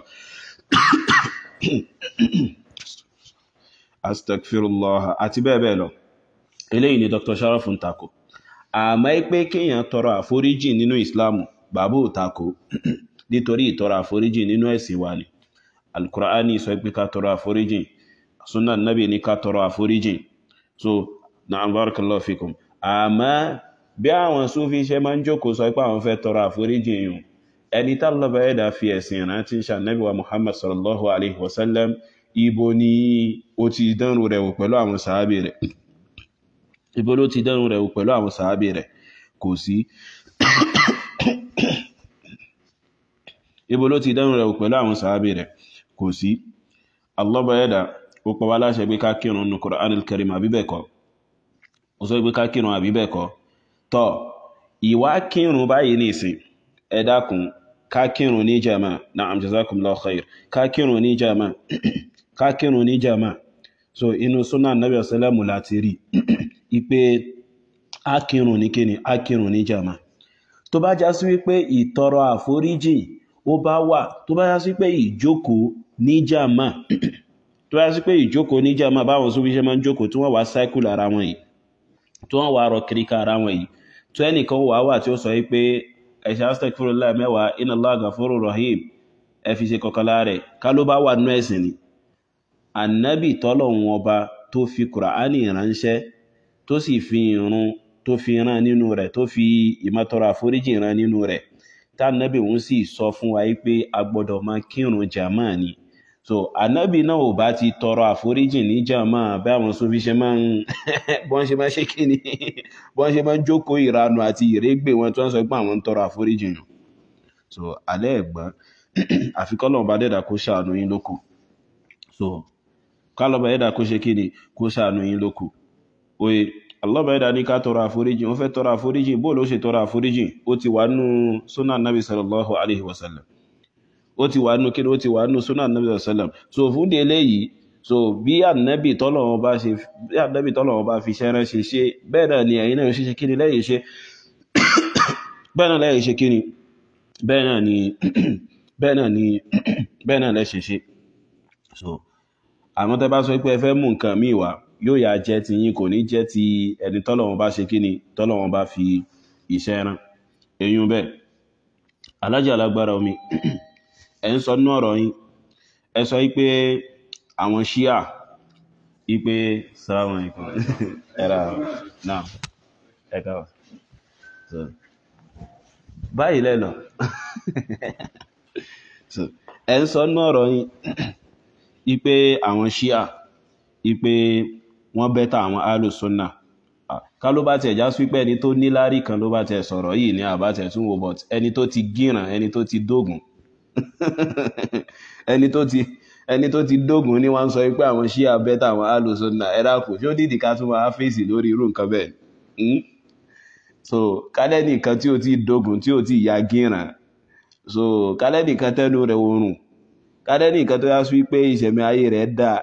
astagfirullah àti bẹ́ẹ̀ bẹ́ẹ̀ lọ eléyìí ni Dr. Sharaf ń takò àmọ́ pé kéèyàn tọrọ àforíjì nínú ìsìláàmù bàbá ò takò nítorí ìtọrọ àforíjì nínú ẹ̀sìn wa ni alukur'ani sọ pé ká tọrọ àforíjì sunna nabi ní ká tọrọ àforíjì so na'am barakallahu fikum àmọ́ bí àwọn súnfí ṣe máa ń jókòó sọ pé àwọn fẹ́ tọrọ àforíjì yìí ẹni tá lọ́bàá ẹ̀dá fi ẹ̀sìn ìrántí ṣànẹ́bí wa muhammad sallallahu alaihi wasallam ibo ni ó ti dánrù rẹ̀ wò pẹ̀lú àwọn sàábì rẹ̀ ibo ló ti dánrù rẹ̀ wò pẹ̀lú àwọn sàábì rẹ̀ kò sí ibo ló ti dẹ́nu rẹ̀ pẹ̀lú àwọn sàábì rẹ̀ kò sí allọ́bọ̀ Eda, ó pa wá láṣẹ pé ká Anil karim ó sọ pé ká kírun tọ́ ìwà kírun báyìí ní ìsìn ẹ dákun ní jama so inú sunan nabi ọ̀sẹ̀lẹ̀mù láti rí ipe akírun ní kíni akírun ní jama tó bá ó bá wà tó bá yá sí pé ìjókòó níjàmá tó bá yá sí pé ìjókòó níjàmá báwọn sófin ṣe máa ń ara wọn yìí tí wọ́n wá rọ ara wọn yìí tó ẹnìkan wà wà tí ó sọ yìí pé ẹ̀ṣẹ̀ astaghfirullah mẹ́wàá inna Allah ghafurur rahim ẹ fi ṣe kọkànlá rẹ̀ ká ló bá wà nínú ni ànábì ọba tó fi kùràánì ránṣẹ́ tó sì fi irun tó fi nínú tó fi tá ànábì òun sì sọ fún wa pé a gbọ́dọ̀ máa kírun jàmá ni so ànábì náà ò bá ti tọrọ àforíjì ní jàmá bá àwọn sófi ṣe máa ń bọ́n ṣe máa ṣe kí ni bọ́n ṣe máa ń jókòó ìranu àti ìrégbè wọn tí wọ́n sọ pé àwọn ń tọrọ àforíjì nù so alẹ́ ẹ̀gbọ́n àfikọ́lọ́ọ̀ bá dẹ̀dà kó ṣàánú yín lóko so kálọ̀bà ẹ̀dà kó ṣe kí kó ṣàánú yín lóko oye alábàáyédà ní ká tọrọ àforíjì wọ́n fẹ́ tọrọ àforíjì bó ló ṣe tọrọ àforíjì ó ti wà nù súnà nàbì sallallahu alaihi wasallam ó ti wà nù kí ó ti wà nù súnà nàbì sallam so fún di eléyìí so bí ànábì tọ́lọ̀wọ́n bá ṣe bí ànábì tọ́lọ̀wọ́n bá fi ṣẹ́rẹ́ ṣe ṣe bẹ́ẹ̀ náà ni ẹ̀yin náà ṣe ṣe kíni lẹ́yìn ṣe bẹ́ẹ̀ náà lẹ́yìn ṣe kíni bẹ́ẹ̀ náà ni bẹ́ẹ̀ náà ni bẹ́ẹ̀ náà lẹ́ ṣe ṣe so àmọ́ tẹ́ bá sọ pé ẹ fẹ́ mú nǹkan míì wá yóò yà jẹ́ ti yín kò ní jẹ́ ti ẹni tọ́lọ́wọ́n bá ṣe kíni tọ́lọ́wọ́n bá fi iṣẹ́ rán eyín bẹ́ẹ̀ alájà alágbára omi ẹ̀ ń sọ nínú ọ̀rọ̀ yín ẹ sọ pé àwọn ṣíà ipe salamu alaikum ẹ̀rà náà ẹ̀ka wà báyìí lẹ́nà ẹ̀ ń sọ nínú ọ̀rọ̀ yín ipe àwọn ṣíà ipe wọ́n bẹ́tà àwọn alùsùnà ká ló bá tiẹ̀ já sí pé ẹni tó níláárí kan ló bá tiẹ̀ sọ̀rọ̀ yìí ní àbá tiẹ̀ tún wo but ẹni tó ti gíràn ẹni tó ti dógùn ẹni tó ti dógùn ni wọ́n ń sọ pé àwọn ṣíà bẹ́tà àwọn alùsùnà ẹ dákun ṣé ó dìdí ká tún máa fèsì lórí irú nǹkan bẹ́ẹ̀ hmm? so kálẹ́nì kan tí ó ti dógùn tí ó ti ya gíràn so kálẹ́nì kan tẹ́nu rẹ̀ oorun kálẹ́nì kan tó yá sí pé ìṣẹ̀mí ayé rẹ̀ dáa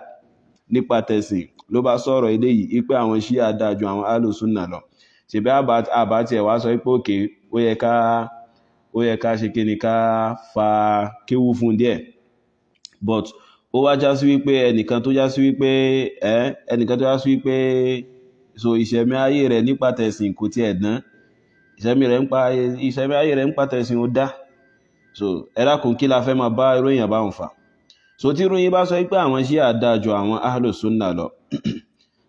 nípa tẹ̀sìn ló bá sọ̀rọ̀ eléyìí ipe àwọn ṣíà dáa ju àwọn alùsùnà lọ ṣèbí àbá tiẹ̀ wá sọ pé òkè ó yẹ ká ó yẹ ká ṣe kíni ká fa kéwú fún díẹ̀ but ó wá já sí wípé ẹnìkan tó já sí wípé ẹ ẹnìkan tó já sí wípé so ìṣẹ̀mí ayé rẹ̀ nípa tẹ̀sìn kò tiẹ̀ dán ìṣẹ̀mí rẹ̀ nípa ìṣẹ̀mí ayé rẹ̀ nípa tẹ̀sìn ó dá so ẹ dákun kí la fẹ́ máa bá irú èèyàn báwọn fà so tí ruyin bá sọ pé àwọn ṣíà dájú àwọn ahlu sunna lọ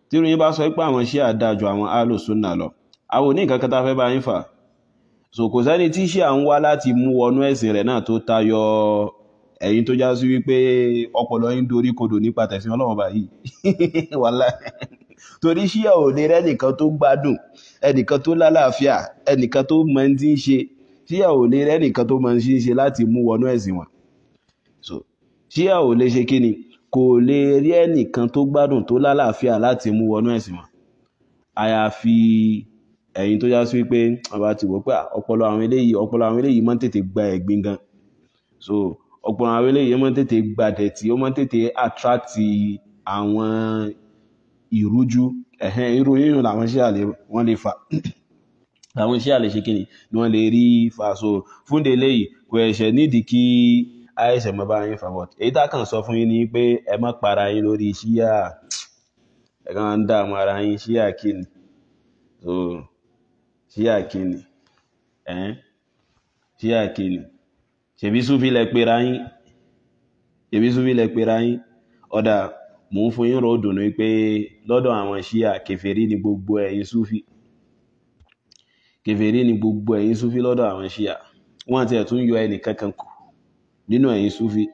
tí ruyin bá sọ pé àwọn ṣíà dájú àwọn ahlu sunna lọ àwọn oní nǹkan kan tá a fẹ́ bá yín fà so kò sẹ́ni tí ṣíà ń wá láti mú wọnú ẹ̀sìn rẹ̀ náà tó tayọ ẹ̀yin tó já sí wípé ọpọlọ yín dorí kodò nípa tẹ̀sìn ọlọ́run báyìí wàhálà torí ṣíà ò lè rẹ́nìkan tó gbádùn ẹnìkan tó lálàáfíà ẹnìkan tó mọ ń ti ń ṣe ṣíà ò lè rẹ́nìkan tó mọ ń ṣe láti mú wọnú ẹ̀sìn wọn ṣíà ò lè ṣe ni kò lè rí ẹnìkan tó gbádùn tó lálàáfíà láti mú wọnú ẹ̀sìn mọ́ àyàfi ẹ̀yin tó já sí wípé ọba ti wò pé ọpọlọ àwọn eléyìí ọpọlọ àwọn eléyìí máa ń tètè gba ẹ̀gbin gan so ọpọlọ àwọn eléyìí máa ń tètè gba dẹ̀tí ó máa ń tètè attract àwọn ìrújú ẹ̀hẹ́n irú yíyún làwọn iṣẹ́ àlè wọ́n lè fà làwọn iṣẹ́ àlè ṣe kíni ni wọ́n lè rí fà so fúndé eléyìí kò ẹ̀ṣẹ̀ nídìí kí àìsàn mọ́ bá yín fà bọ̀t èyí tá kàn sọ fún yín ni pé ẹ má para yín lórí ṣíà ẹ kàn ń dààmú ara yín ṣíà kíni so ṣíà kíni ẹ̀ẹ́n ṣíà kíni ṣèbí súfì lẹ pera yín ṣèbí súfì lẹ pera yín ọ̀dà mò ń fún yín rò dùnú pé lọ́dọ̀ àwọn ṣíà kèfèrí ni gbogbo ẹ̀yin súfì kèfèrí ni gbogbo ẹ̀yin súfì lọ́dọ̀ àwọn ṣíà wọ́n ti ẹ̀ tún yọ ẹnì kankan kù nínú ẹ̀yin súfí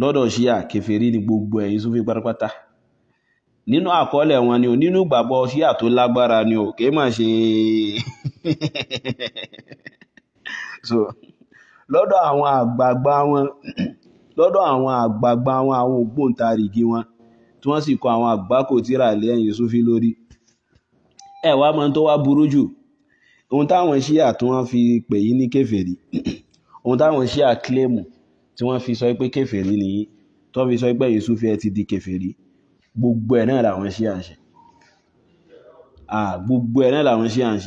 lọ́dọ̀ ṣíà kèfèrí ni gbogbo ẹ̀yin súfí pátápátá nínú àkọọ́lẹ̀ wọn ni o nínú ìgbàgbọ́ ṣíà tó lágbára ni o kì í ṣe so lọ́dọ̀ àwọn àgbààgbà wọn lọ́dọ̀ àwọn àgbààgbà wọn àwọn ògbóǹtarìgì wọn tí wọ́n sì kọ àwọn àgbákò tíra lé ẹ̀yin súfí lórí ẹ̀ wá mọ́ tó wá burú jù ohun táwọn ṣíà tí fi pè yín ní kèfèrí ohun táwọn ṣíà kílẹ̀mù tí wọ́n fi sọ pé kèfèrí nìyí tó fi sọ pé Yusufi ẹ ti di kèfèrí gbogbo ẹ̀ náà làwọn ṣíà ń ṣe gbogbo ẹ̀ náà làwọn ṣíà ń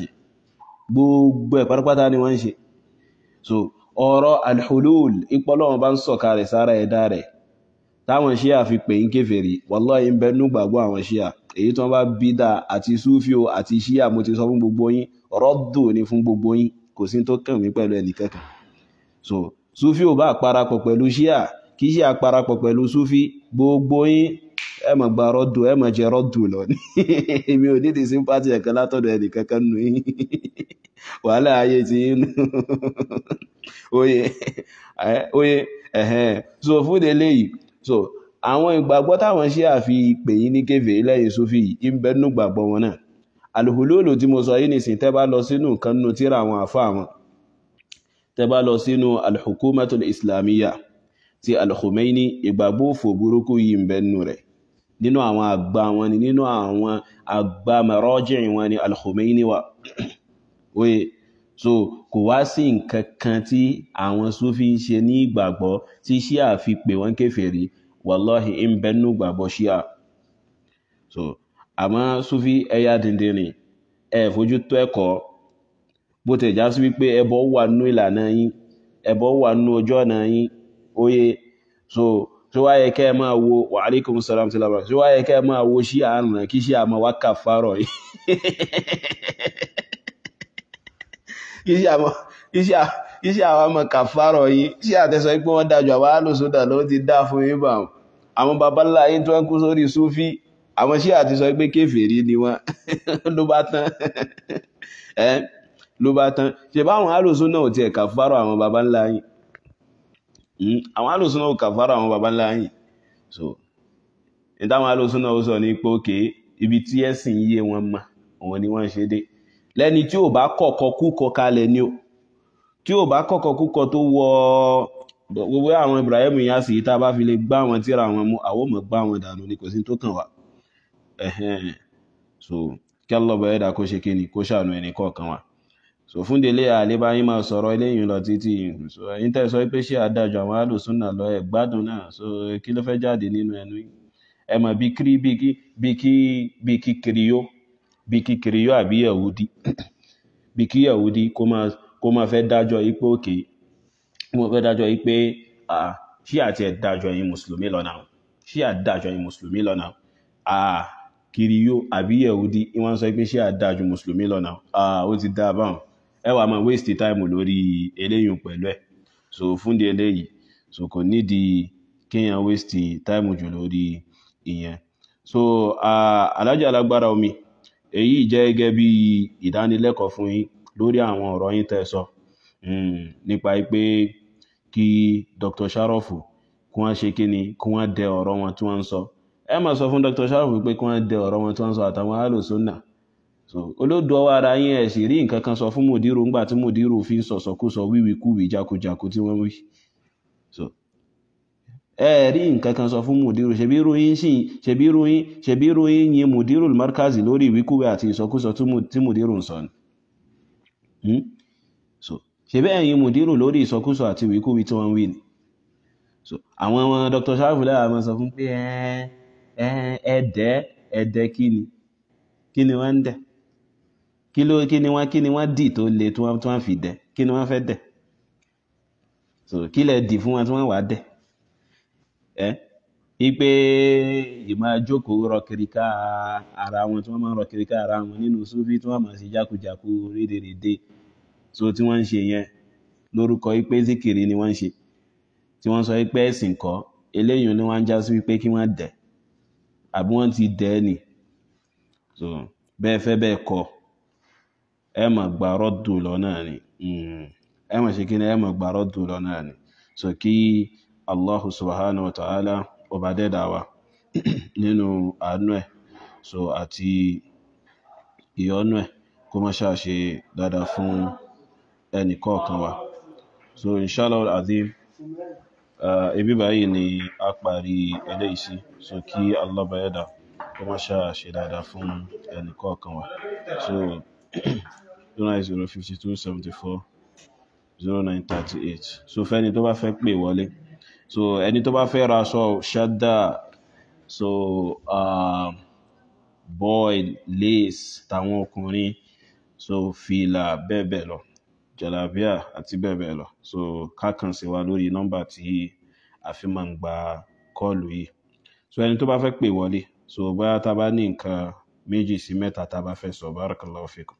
gbogbo ẹ̀ pátápátá ni wọ́n ń ṣe so ọ̀rọ̀ alhulul ipọ́lọ́wọ́n bá ń sọ̀ka rẹ̀ sára ẹ̀dá rẹ̀ táwọn ṣíà fi pè ń kèfèrí wallahi ń bẹ nú gbàgbọ́ àwọn ṣíà èyí tí wọ́n bá bídà àti súfì o àti ṣíà mo ti sọ fún gbogbo yín rọ́dù ni fún gbogbo yín kò sí tó kàn mí pẹ̀lú ẹnìkankan so sufi ò bá parapọ̀ pẹ̀lú ṣíà kì í ṣe àparapọ̀ pẹ̀lú sufi gbogbo yín ẹ mọ̀ gba rọ́dù ẹ mọ̀ jẹ rọ́dù lọ ní èmi ò nídìí sympathy ẹ̀kan látọ̀dọ̀ ẹnì kankan nù yín wàhálà ayé ti yín nù oyè oyè ẹ̀hẹ́n so fún délé yìí so àwọn ìgbàgbọ́ táwọn ṣíà fi pè yín ní kèfèrí lẹ́yìn sufi yìí ń bẹ́nu gbàgbọ́ wọn náà àlùhùlóòlù tí mo sọ yìí nìsín tẹ́ bá lọ sínú nǹkan nù tíra àwọn àfa àwọn tẹ́ bá lọ sínú alhukumatul islamiyya ti alhumaini ìgbàgbọ́ òfò burúkú yìí ń bẹ nù rẹ̀ nínú àwọn àgbà wọn ni nínú àwọn àgbà mẹ́rọ́jìn wọn ni alhumaini wà oye so kò wá sí nǹkan kan tí àwọn sufi ń ṣe ní ìgbàgbọ́ tí ṣíà fi pè wọ́n kèfèrí wàláhì ń bẹ nù ṣíà so àmọ́ sufi ẹ̀yà dìndìn ni fojú tó ẹ̀kọ́ bó tẹ̀ já sí wípé ẹbọ wà nú ìlànà yín ẹbọ wà nú ojú ọ̀nà yín oyè so tí wá yẹ kẹ́ ẹ máa wo wa alaikum salam tí lábàá tí wá yẹ kẹ́ ẹ máa wo sí àrùn kí sí àmọ́ wá kà fárọ̀ yìí kí sí àwọn ọmọ kà fárọ̀ yìí sí àtẹ̀sọ́ pé wọ́n dájú àwọn alùsùdà ló ti dá fún yín bà àwọn babalá yín tó ń kú sórí súfí àwọn sí àti sọ pé kéfèrí ni wọ́n ló bá tán ló bá tán ṣe báwọn alòsùn náà ti ẹ̀ka fárọ̀ àwọn baba ńlá yìí hmm, àwọn alòsùn náà kà àwọn baba ńlá yìí so ìtàwọn alòsùn náà sọ ní pé òkè ibi tí ẹ̀sìn yé wọn mọ̀ òun ni wọ́n ṣe dé lẹ́ni tí ò bá kọ̀kọ́ kúkọ kalẹ̀ ni o tí ò bá kọ̀kọ́ kúkọ tó wọ gbogbo àwọn Ibrahim Inyas yìí tá a bá fi lè gbá wọn tíra wọn mú àwọn ò mọ̀ gbá wọn dànù ni kò sí tó kàn wá so kí alọ́bọ̀ ẹ̀dá kó ṣe kí ni kó ṣàánú ẹnì kọ̀ọ̀kan wa so fún délé àlébá yín máa sọ̀rọ̀ eléyìí lọ títí so ẹ̀yin tẹ́ sọ pé ṣé àdájọ́ àwọn alùsùnà lọ ẹ̀ gbádùn náà so kí ló fẹ́ jáde nínú ẹnu yín ẹ mọ̀ bí kiri bí kí bí kí bí kí kiriyó bí kí kiriyó àbí yahudi bí kí yahudi kó máa kó máa fẹ́ dájọ́ yìí pé òkè kó máa fẹ́ dájọ́ yìí pé ṣí àti ẹ̀ dájọ́ yìí mùsùlùmí lọ́nà ṣí àdájọ́ yìí mùsùlùmí lọ́nà kiriyó àbí yahudi wọ́n sọ pé ṣí àdájọ́ mùsùlùmí lọ́nà ó ti dá a báwọn ẹ wà máa waste time lórí eléyìí pẹ̀lú ẹ̀ so fún di eléyìí so kò nídìí kéèyàn waste time jù lórí ìyẹn so alájà alágbára omi èyí jẹ́ gẹ́gẹ́ bí ìdánilẹ́kọ̀ọ́ fún yín lórí àwọn ọ̀rọ̀ yín tẹ́ sọ hmm, nípa pé kí Dr. Sharofu kí wọ́n ṣe kíni kí wọ́n dẹ ọ̀rọ̀ wọn tí wọ́n ń sọ ẹ máa sọ fún Dr. Sharofu pé kí wọ́n dẹ ọ̀rọ̀ wọn tí wọ́n ń sọ àtàwọn alòsónà so olóòdù ọwọ́ ara yín ẹ̀ sì rí nǹkan kan sọ fún mòdìrò ńgbà tí mòdìrò fi ń sọ̀sọ̀kúsọ wíwíkúwí jákujàku tí wọ́n wí so ẹ rí nǹkan kan sọ fún mòdìrò ṣebí ròyìn sì ṣebí ròyìn ṣebí ròyìn yin mòdìrò markazi lórí ìwíkúwí àti ìsọkúsọ tí mòdìrò ń sọ ni hmm? so ṣebí ẹ̀yin mòdìrò lórí ìsọkúsọ àti ìwíkúwí tí wọ́n wí ni so àwọn ọmọ dr shafu lẹ́yà máa sọ fún pé ẹ̀ẹ́dẹ́ ẹ̀dẹ́ kí ni kí ni wọ́n ń dẹ̀ kí ló kí ni wọ́n kí ni wọ́n dì tó le tí wọ́n tí wọ́n fi dẹ̀ kí ni wọ́n fẹ́ dẹ̀ so kí lẹ dì fún wọn tí wọ́n wàá dẹ̀ ẹ́ ipe ìmọ̀ àjókòó rọ kiri ká ara wọn tí wọ́n máa ń ara wọn nínú sufi tí wọ́n máa ṣe jákujàku rédèrèdè so tí wọ́n ń ṣe yẹn lórúkọ ipe zikiri ni wọ́n ń ṣe tí wọ́n sọ pé ẹ̀sìn kọ́ eléyìí ni wọ́n ń já wípé kí wọ́n dẹ̀ àbí wọ́n ti dẹ̀ ẹ́ nì so bẹ́ẹ̀ fẹ́ bẹ́ẹ̀ kọ́ ẹ mọ̀ gbàrọ̀ dù lọ náà ni hmm. ẹ mọ̀ ṣe kí ni ẹ mọ̀ gbàrọ̀ dù lọ ni so kí Allahu subhanahu wa ta'ala ọba dẹ́dà wa nínú àánú ẹ̀ so àti ìyọ́nú ẹ̀ kó má ṣáà ṣe dáadáa fún ẹnì kọ̀ọ̀kan wa so inshallah azim ibi báyìí ni a parí eléyìí sí so kí Allah ọba dẹ́dà kó má ṣáà ṣe dáadáa fún ẹnì kọ̀ọ̀kan wa so 0905274 0938 so fẹ́ni tó bá fẹ́ pè wọlé so ẹni tó bá fẹ́ ra aṣọ ṣẹ́dá so uh, boil lace tàwọn ọkùnrin so fìlà bẹ́ẹ̀ bẹ́ẹ̀ lọ jàlábíà àti bẹ́ẹ̀ bẹ́ẹ̀ lọ so ká kàn sí wa lórí nọ́mbà tí a fi máa ń gba kọ́ọ̀lù yìí so ẹni tó bá fẹ́ pè wọlé so bóyá tá a bá ní nǹkan méjì sí mẹ́ta tá a bá fẹ́ sọ barakallahu fikum.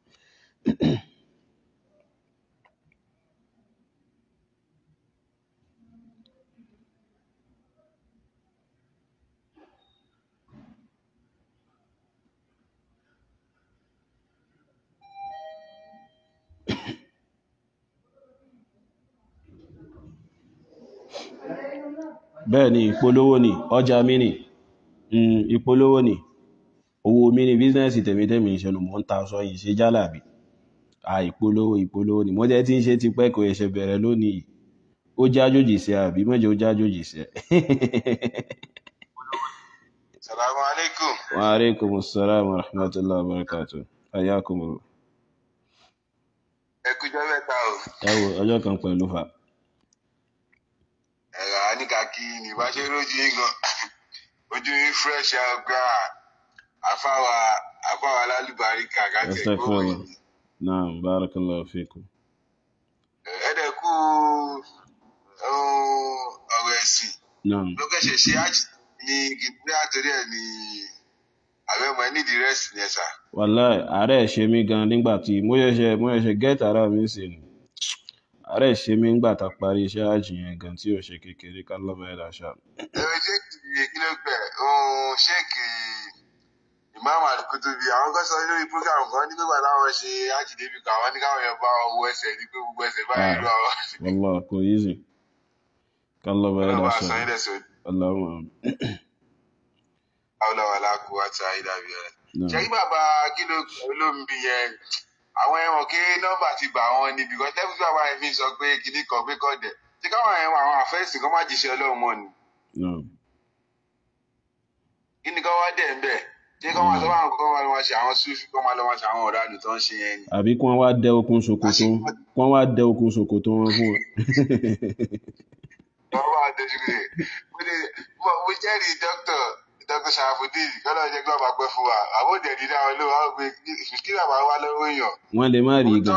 bẹ́ẹ̀ ni ìpolówó ni ọjà mini ni hmm, ìpolówó ni owó mini ni bísínẹ́sì tèmi tèmi ìṣẹ̀lùmọ́ ń ta aṣọ yìí ṣe à ìpolówó ìpolówó ni mo jẹ́ tí ń ṣe ti kò lónìí ó já jòjì àbí ó já jòjì sí. aleykum. wa aleykum salaam wa rahmatullahi wa barakatuh ẹ mẹ́ta o. ẹ wo ọjọ́ kan pẹ̀lú fa. ni bá ṣe lójú ojú fresh Naam, barakallahu fikum. Ẹ kú ọ̀rọ̀ ẹ̀sìn. Naam. Lókè ṣe ṣe àjì ní ẹ̀ ní ààrẹ mọ̀ ní ìdírẹ́sì ni ẹ sà. Wàláì, ààrẹ ṣe mí gan nígbà tí mo ṣẹ̀ṣẹ̀ mo ṣẹ̀ṣẹ̀ gẹ́ẹ̀tì ara mi sí ni. Ààrẹ ṣe mí nígbà tá parí iṣẹ́ àjì yẹn gan tí ò ṣe kékeré ká lọ́mọ ẹ̀dá ṣá. Ẹ̀rọ ṣéèkì kí ló gbẹ̀ ṣéèkì Imam Al-Kutubi àwọn kan sọ lórí program kan ní pípa táwọn ṣe ájìdébì kan àwọn ní káwọn yẹn bá ọwọ́ ẹsẹ̀ ní pé gbogbo ẹsẹ̀ báyìí lọ àwọn. wàllá kò yí sí kálọ̀ bá yẹn dá sọ aláwọ̀. awolowala kú àti àyídàbí rẹ. ṣé kí bàbá kìlọ̀ olómi yẹn àwọn ẹwọn ké nọ́mbà ti bà wọn ni bìkọ́ tẹ́kù tí bàbá yẹn fi sọ pé kìnnì kan pé kọ́ dẹ̀ ṣé káwọn ẹwọn àwọn àfẹ́sì kan má jíṣẹ́ ọlọ́run mọ́ ni. kí ni ká wá dẹ̀ ń bẹ̀? ṣé kọ́ máa sọ fáwọn kọ́ máa lọ máa ṣe àwọn ṣúfì kọ́ máa lọ máa ṣe àwọn ọ̀rá àdùn tó ń ṣe yẹn ni. àbí kí wọ́n wá dẹ okùn ṣòkòtò wọ́n wá dẹ okùn ṣòkòtò wọn fún wọn. wọ́n bá dojú rẹ̀ mo jẹ́rìí dókítà dókítà Ṣàràfùdíì kọ́lá ọ̀jẹ̀ gbọ́ máa pẹ́ fún wa àbó dẹ̀dí dáwọn ló wá pé kí làwọn máa wá lọ́wọ́ èèyàn. wọ́n lè má rí i gan.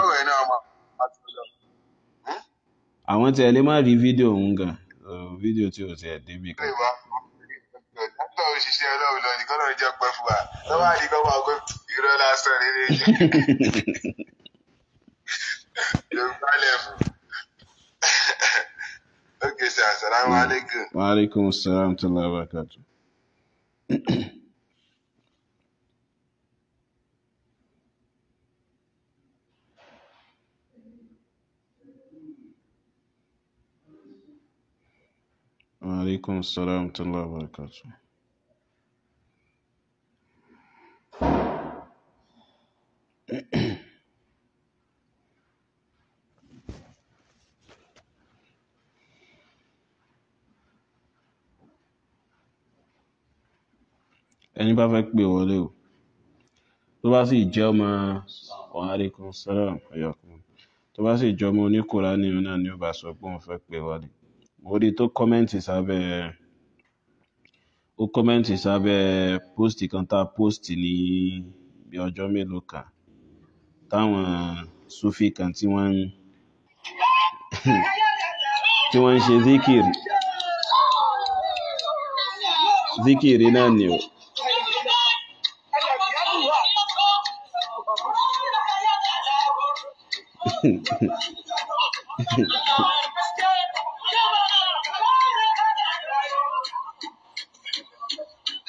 Hm? àwọn tí ẹ lè má rí fídíò òun gan fídíò tí ò tiẹ̀ débi kan tó ń ṣiṣẹ́ ọlọ́run lọ nìkan náà jẹ́ pẹ́ fún wa lọ́wọ́ àdìgbọ́ máa gbé irọ́ lásán nílé yìí. yorùbá lẹ́fù. ok sir assalamu alaikum. wa alaikum salaam tó lọ́wọ́ àkàtú. وعليكم السلام ورحمة الله وبركاته ẹni bá fẹ́ pè wọlé o tó bá sì jẹ́ ọmọ ọ̀háríkún sẹ́rẹ̀m ọ̀yọ̀kún tó bá sì jẹ́ ọmọ oníkùrá ní ọ̀nà ni ó bá sọ pé òun fẹ́ pè wọlé mo rí tó kọ́mẹ́ǹtì sábẹ́ ó kọ́mẹ́ǹtì sábẹ́ póòstì kan tá a póòstì ní bí ọjọ́ mélòó kan táwọn sufi kan tí wọ́n ń tí wọ́n ń ṣe zikiri zikiri náà ni o. Hehehe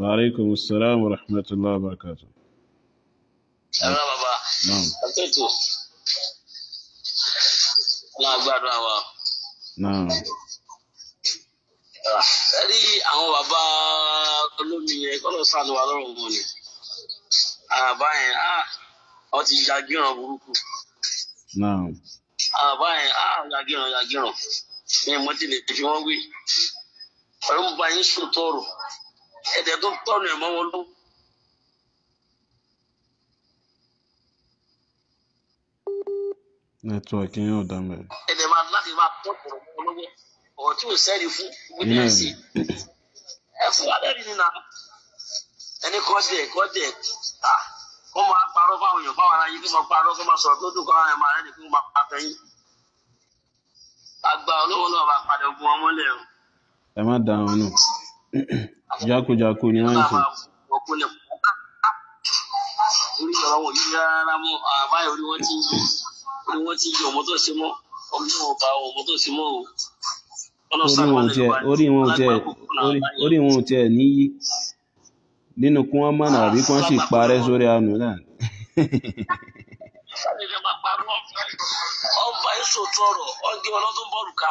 وعليكم السلام ورحمة الله وبركاته أنا بابا نعم نعم ẹ̀rí àwọn bàbá olómi yẹn kọ́lọ́ sànù wà lọ́rùn wọn ni àbá yẹn á wọ́n ti yagíran burúkú àbá yẹn á yagíran yagíran ní mọ́tì lè fi wọ́n wí ọ̀rọ̀ yín sùn tọrọ ẹ̀dẹ̀ tó tọ́nu ẹ̀ mọ́ wọn lọ́wọ́. nẹtíwọ̀kì yóò dá mẹ́rin. ẹ̀dẹ̀ máa láti máa tọ́ ọ̀rọ̀ mọ́ wọn lọ́wọ́ ọ̀rọ̀ tí ò sẹ́ẹ̀rì fún gbogbo ní ẹ̀sìn ẹ fún wa lẹ́rìí nínú àná ẹni kọ́ dẹ̀ kọ́ dẹ̀ ta kó máa parọ́ fáwọn èèyàn fáwọn aráyé kí wọ́n parọ́ kó máa sọ̀rọ̀ tó dùn kọ́ ara máa rẹ́ nìkan máa pa tẹ́yìn àgbà olówó náà máa ogun ọmọlẹ̀ o. ẹ má dá wọn nù. jákujàku ni wọ́n ń ṣe. orí ọ̀rọ̀ wọn ti orí wọn orí wọn orí wọn níyí nínú àbí sì sórí àánú náà. ọba tọrọ ọgbẹ́ bọ́ọ̀lù ká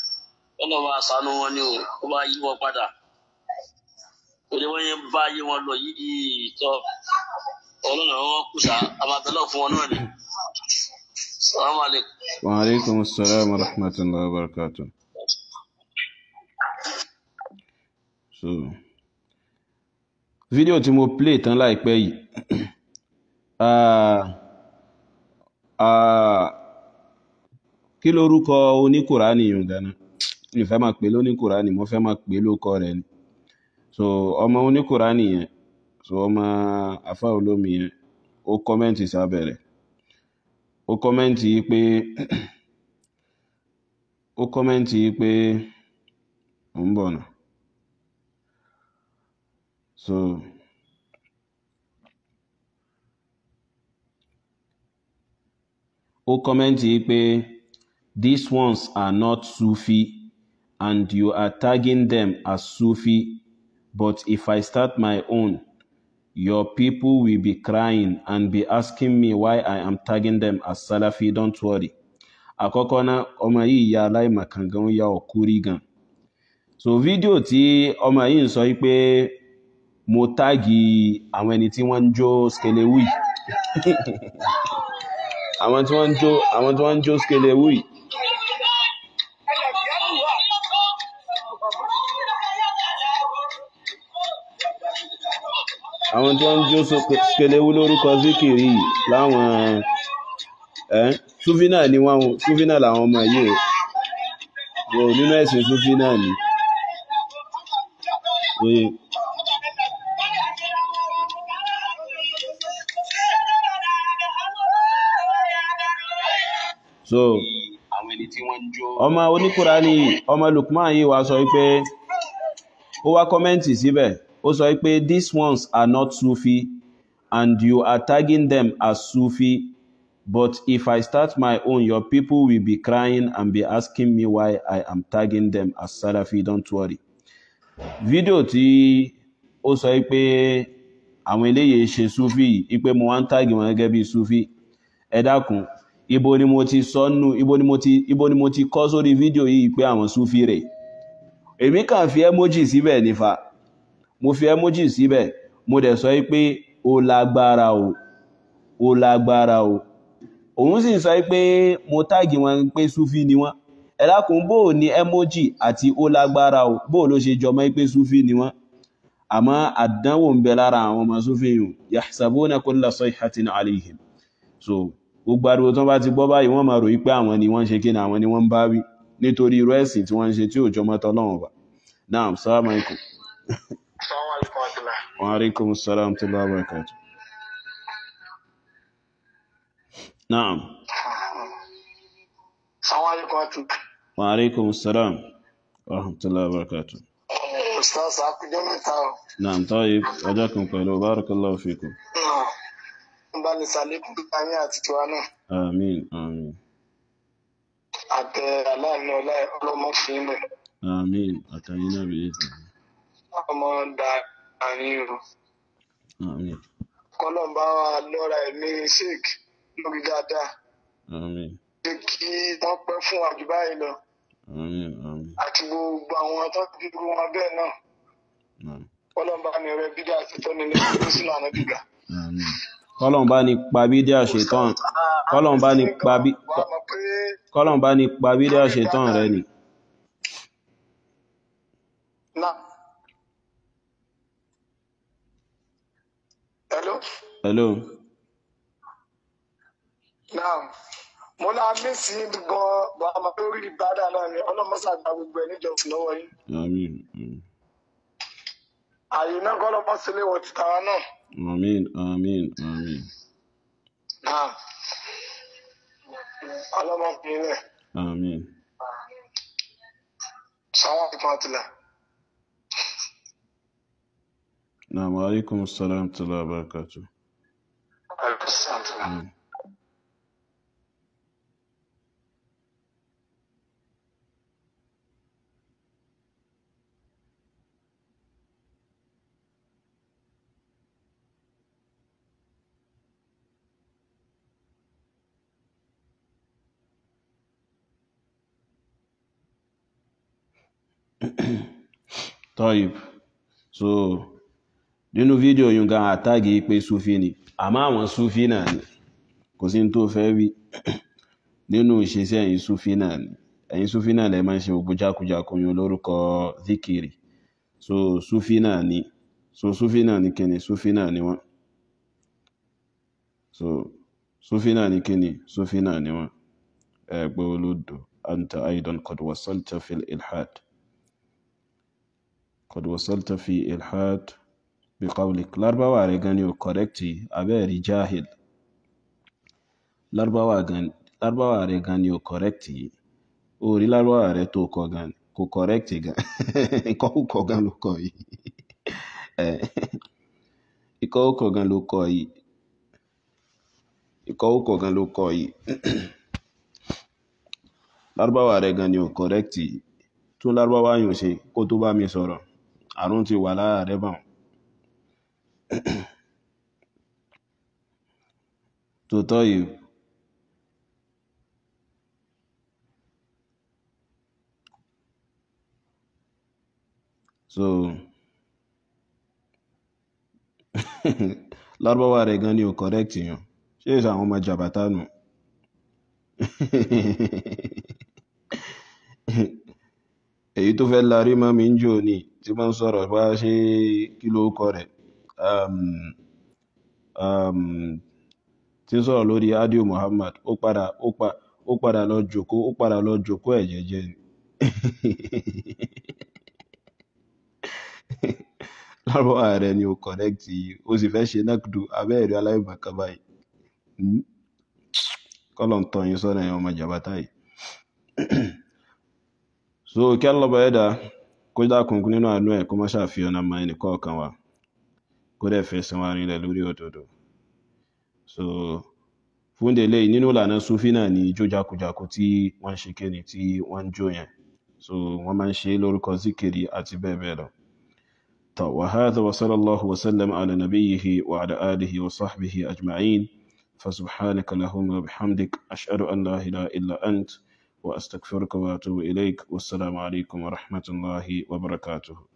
kọ́nà wa ṣàánú wọn ni o kó bá yí wọn padà òde wọn yẹn bá yé wọn lọ yìí tọ́ ọlọ́run wọn kù sá àbàtẹ́lẹ̀ fún wọn náà ni. Assalamu alaikum. Wa alaikum assalam wa rahmatullahi wa barakatuh. So, fídíò tí mo play tán láìpẹ́ yìí ah, ah, kí lorúkọ mi fẹ́ máa pè lóní kùránì mo fẹ́ máa pè lóko rẹ̀ ni so ọmọ oníkùránì yẹn so ọmọ afá olómi yẹn ó kọ́mẹ́ǹtì sábẹ́ rẹ̀ ó kọ́mẹ́ǹtì pé ó kọ́mẹ́ǹtì pé ó ń bọ̀ nà so. ó kọ́mẹ́ǹtì pé these ones are not Sufi and you are tagging them as Sufi. But if I start my own, your people will be crying and be asking me why I am tagging them as Salafi. Don't worry. Àkọ́kọ́ ná ọmọ yìí ya aláìmọ̀kan gan ya ọ̀kúrí gan. So fídíò tí ọmọ yìí ń sọ pé mo táàgì àwọn ẹni tí wọ́n ń jó skelewui. Àwọn tí wọ́n ń jó skelewui. àwọn tí wọ́n ń jó sókèléwú lórúkọ zikiri láwọn ẹ̀ súfì náà ni wọ́n súfì náà làwọn ọmọ yìí wò nínú ẹ̀sìn súfì náà ni. so ọmọ oníkùrá ni ọmọ Lukman yìí wá sọ wípé ó wá kọ́mẹ́ǹtì síbẹ̀. Si ó sọ pé these ones are not Sufi and you are tagging them as Sufi but if I start my own your people will be crying and be asking me why I am tagging them as Salafi don't worry. fídíò tí ó sọ pé àwọn eléyìí ṣe Sufi yìí pé mo wá ń táàgì wọn gẹ́gẹ́ bí Sufi ẹ dákun ibo ni mo ti sọnù ibo ni mo ti ibo ni mo ti kọ sórí fídíò yìí pé àwọn Sufi rèé èmi kàn fi emoji síbẹ̀ nífà mo fi emoji síbẹ̀ mo dẹ̀ sọ pé o lágbára o o lágbára o òun sì sọ pé mo táàgì wọn pé sufi ni wọ́n ẹ̀lákùn bò ní emoji àti o lágbára o bò ló ṣe jọmọ́ pé sufi ni wọ́n àmọ́ àdánwò ń bẹ lára àwọn ọmọ sufi yìí yahsabuna kulla sayhatin alayhim so gbogbo ariwo tán bá ti gbọ́ báyìí wọ́n máa rò pé àwọn ni wọ́n ṣe kí ni àwọn ni wọ́n ń bá wí nítorí irú ẹ̀sìn tí wọ́n ń ṣe tí ò jọmọ́ tọ́lọ́run bá naam salaam alaikum عليكم ورحمة الله وعليكم السلام ورحمة الله وبركاته نعم السلام عليكم ورحمة الله وعليكم السلام ورحمة الله وبركاته أستاذ عبد نعم طيب أجاكم خير وبارك الله فيكم نعم salekun tani àti tiwa náà. àmín àmín. àtẹ aláàánú ọmọ dáadáa ni o. kọ́lọ́mbà wa lọ́ra ẹ̀mí sheik lórí dáadáa. ṣé kí wọ́n pẹ́ fún wa jù báyìí lọ. àti gbogbo àwọn tó ti dúró wọn bẹ́ẹ̀ náà. kọ́lọ́mbà ni rẹ bídà ti tọ́ nílé ìgbésí lànà gíga. kọ́lọ́mbà ni pa bídà ṣetán kọ́lọ́mbà ni pa bídà kọ́lọ́mbà ni pa bídà ṣetán rẹ ni. Nah. Hello. Now, mo la mísì gan bàbá tó rí ìbádà náà ni ọlọ́mọṣà gba gbogbo ẹ̀ níjọsìn lọ́wọ́ yín. Àmín. Àyè náà kọ́ lọ́mọ sílé wọ going tara náà. Àmín àmín àmín. Náà, ọlọ́mọkùnrin rẹ̀. Àmín. Sàwọn àìkún àtìlá. Naam, wa alaikum salaam wa rahmatullahi wa barakatuh. Mm. طيب so nínú fídíò yìí gan àtàgì pé sufi ni àmọ́ àwọn sufi náà ni kò sí tó fẹ́ wí nínú ìṣesí ẹ̀yin sufi náà ni ẹ̀yin sufi náà lẹ máa ń ṣe ogun jákujáku yín lórúkọ zikiri so sufi náà ni so sufi náà ni kíni sufi náà ni wọ́n so sufi náà ni kíni sufi náà ni wọ́n ẹgbẹ́ olódò anta aidan qad wasalta fil ilhad qad ilhad bí qawlik lárúbáwá rẹ̀ gan ni ò kọ̀rẹ́kìtì abẹ́ẹ̀rí jahil lárúbáwá rẹ̀ gan ni ò kọ̀rẹ́kìtì ó rí lárúbáwá rẹ̀ tó kọ gan kò kọ̀rẹ́kìtì gan ìkọ́kùkọ gan ló kọ yìí ìkọ́kùkọ gan ló kọ yìí ìkọ́kùkọ gan ló kọ yìí lárúbáwá rẹ̀ gan ni ò kọ̀rẹ́kìtì tún lárúbáwá yìí ò ṣe kó tó bá mi sọ̀rọ̀ àrùn ti wà lára rẹ̀ báwọn. To tell you, so lárúbáwá rẹ̀ gan ni ò correct yàn ṣé èso àwọn ọmọ jàbátà nù èyí tó fẹ́ larí mọ́ mi ń jò ní tí wọ́n ń sọ̀rọ̀ wá ṣe kí ló kọ rẹ̀ Um, um tí ń sọ̀rọ̀ lórí Àdìo Muhammad ó padà ó pa ó padà lọ jòkó ó padà lọ jòkó ẹ̀ jẹ́jẹ́ ni rẹ ni ó correct yìí ó sì fẹ́ ṣe nákùdù abẹ́ẹ̀rí aláìmọ̀ká hmm? kaba ị ń tọ́ sọ́nà ẹ̀yàn ọmọ jàbátá yìí so kí á lọ́bọ̀ ẹ̀dá kó nínú àánú ẹ̀ kó má ṣàfihàn ẹnì kọ̀ọ̀kan wa. kó dẹ̀ fẹsẹ̀ wọn rinlẹ̀ lórí òdodo so fún délé nínú ìlànà sufi na ni joja kuja jakujaku tí wọ́n ṣe keni tí wọ́n jó yẹn so wọ́n man ń ṣe lórúkọ zikiri àti bẹ́ẹ̀ bẹ́ẹ̀ lọ. وهذا وصلى الله وسلم على نبيه وعلى آله وصحبه أجمعين فسبحانك اللهم وبحمدك أشهد أن لا إله إلا أنت وأستغفرك وأتوب إليك والسلام عليكم ورحمة الله وبركاته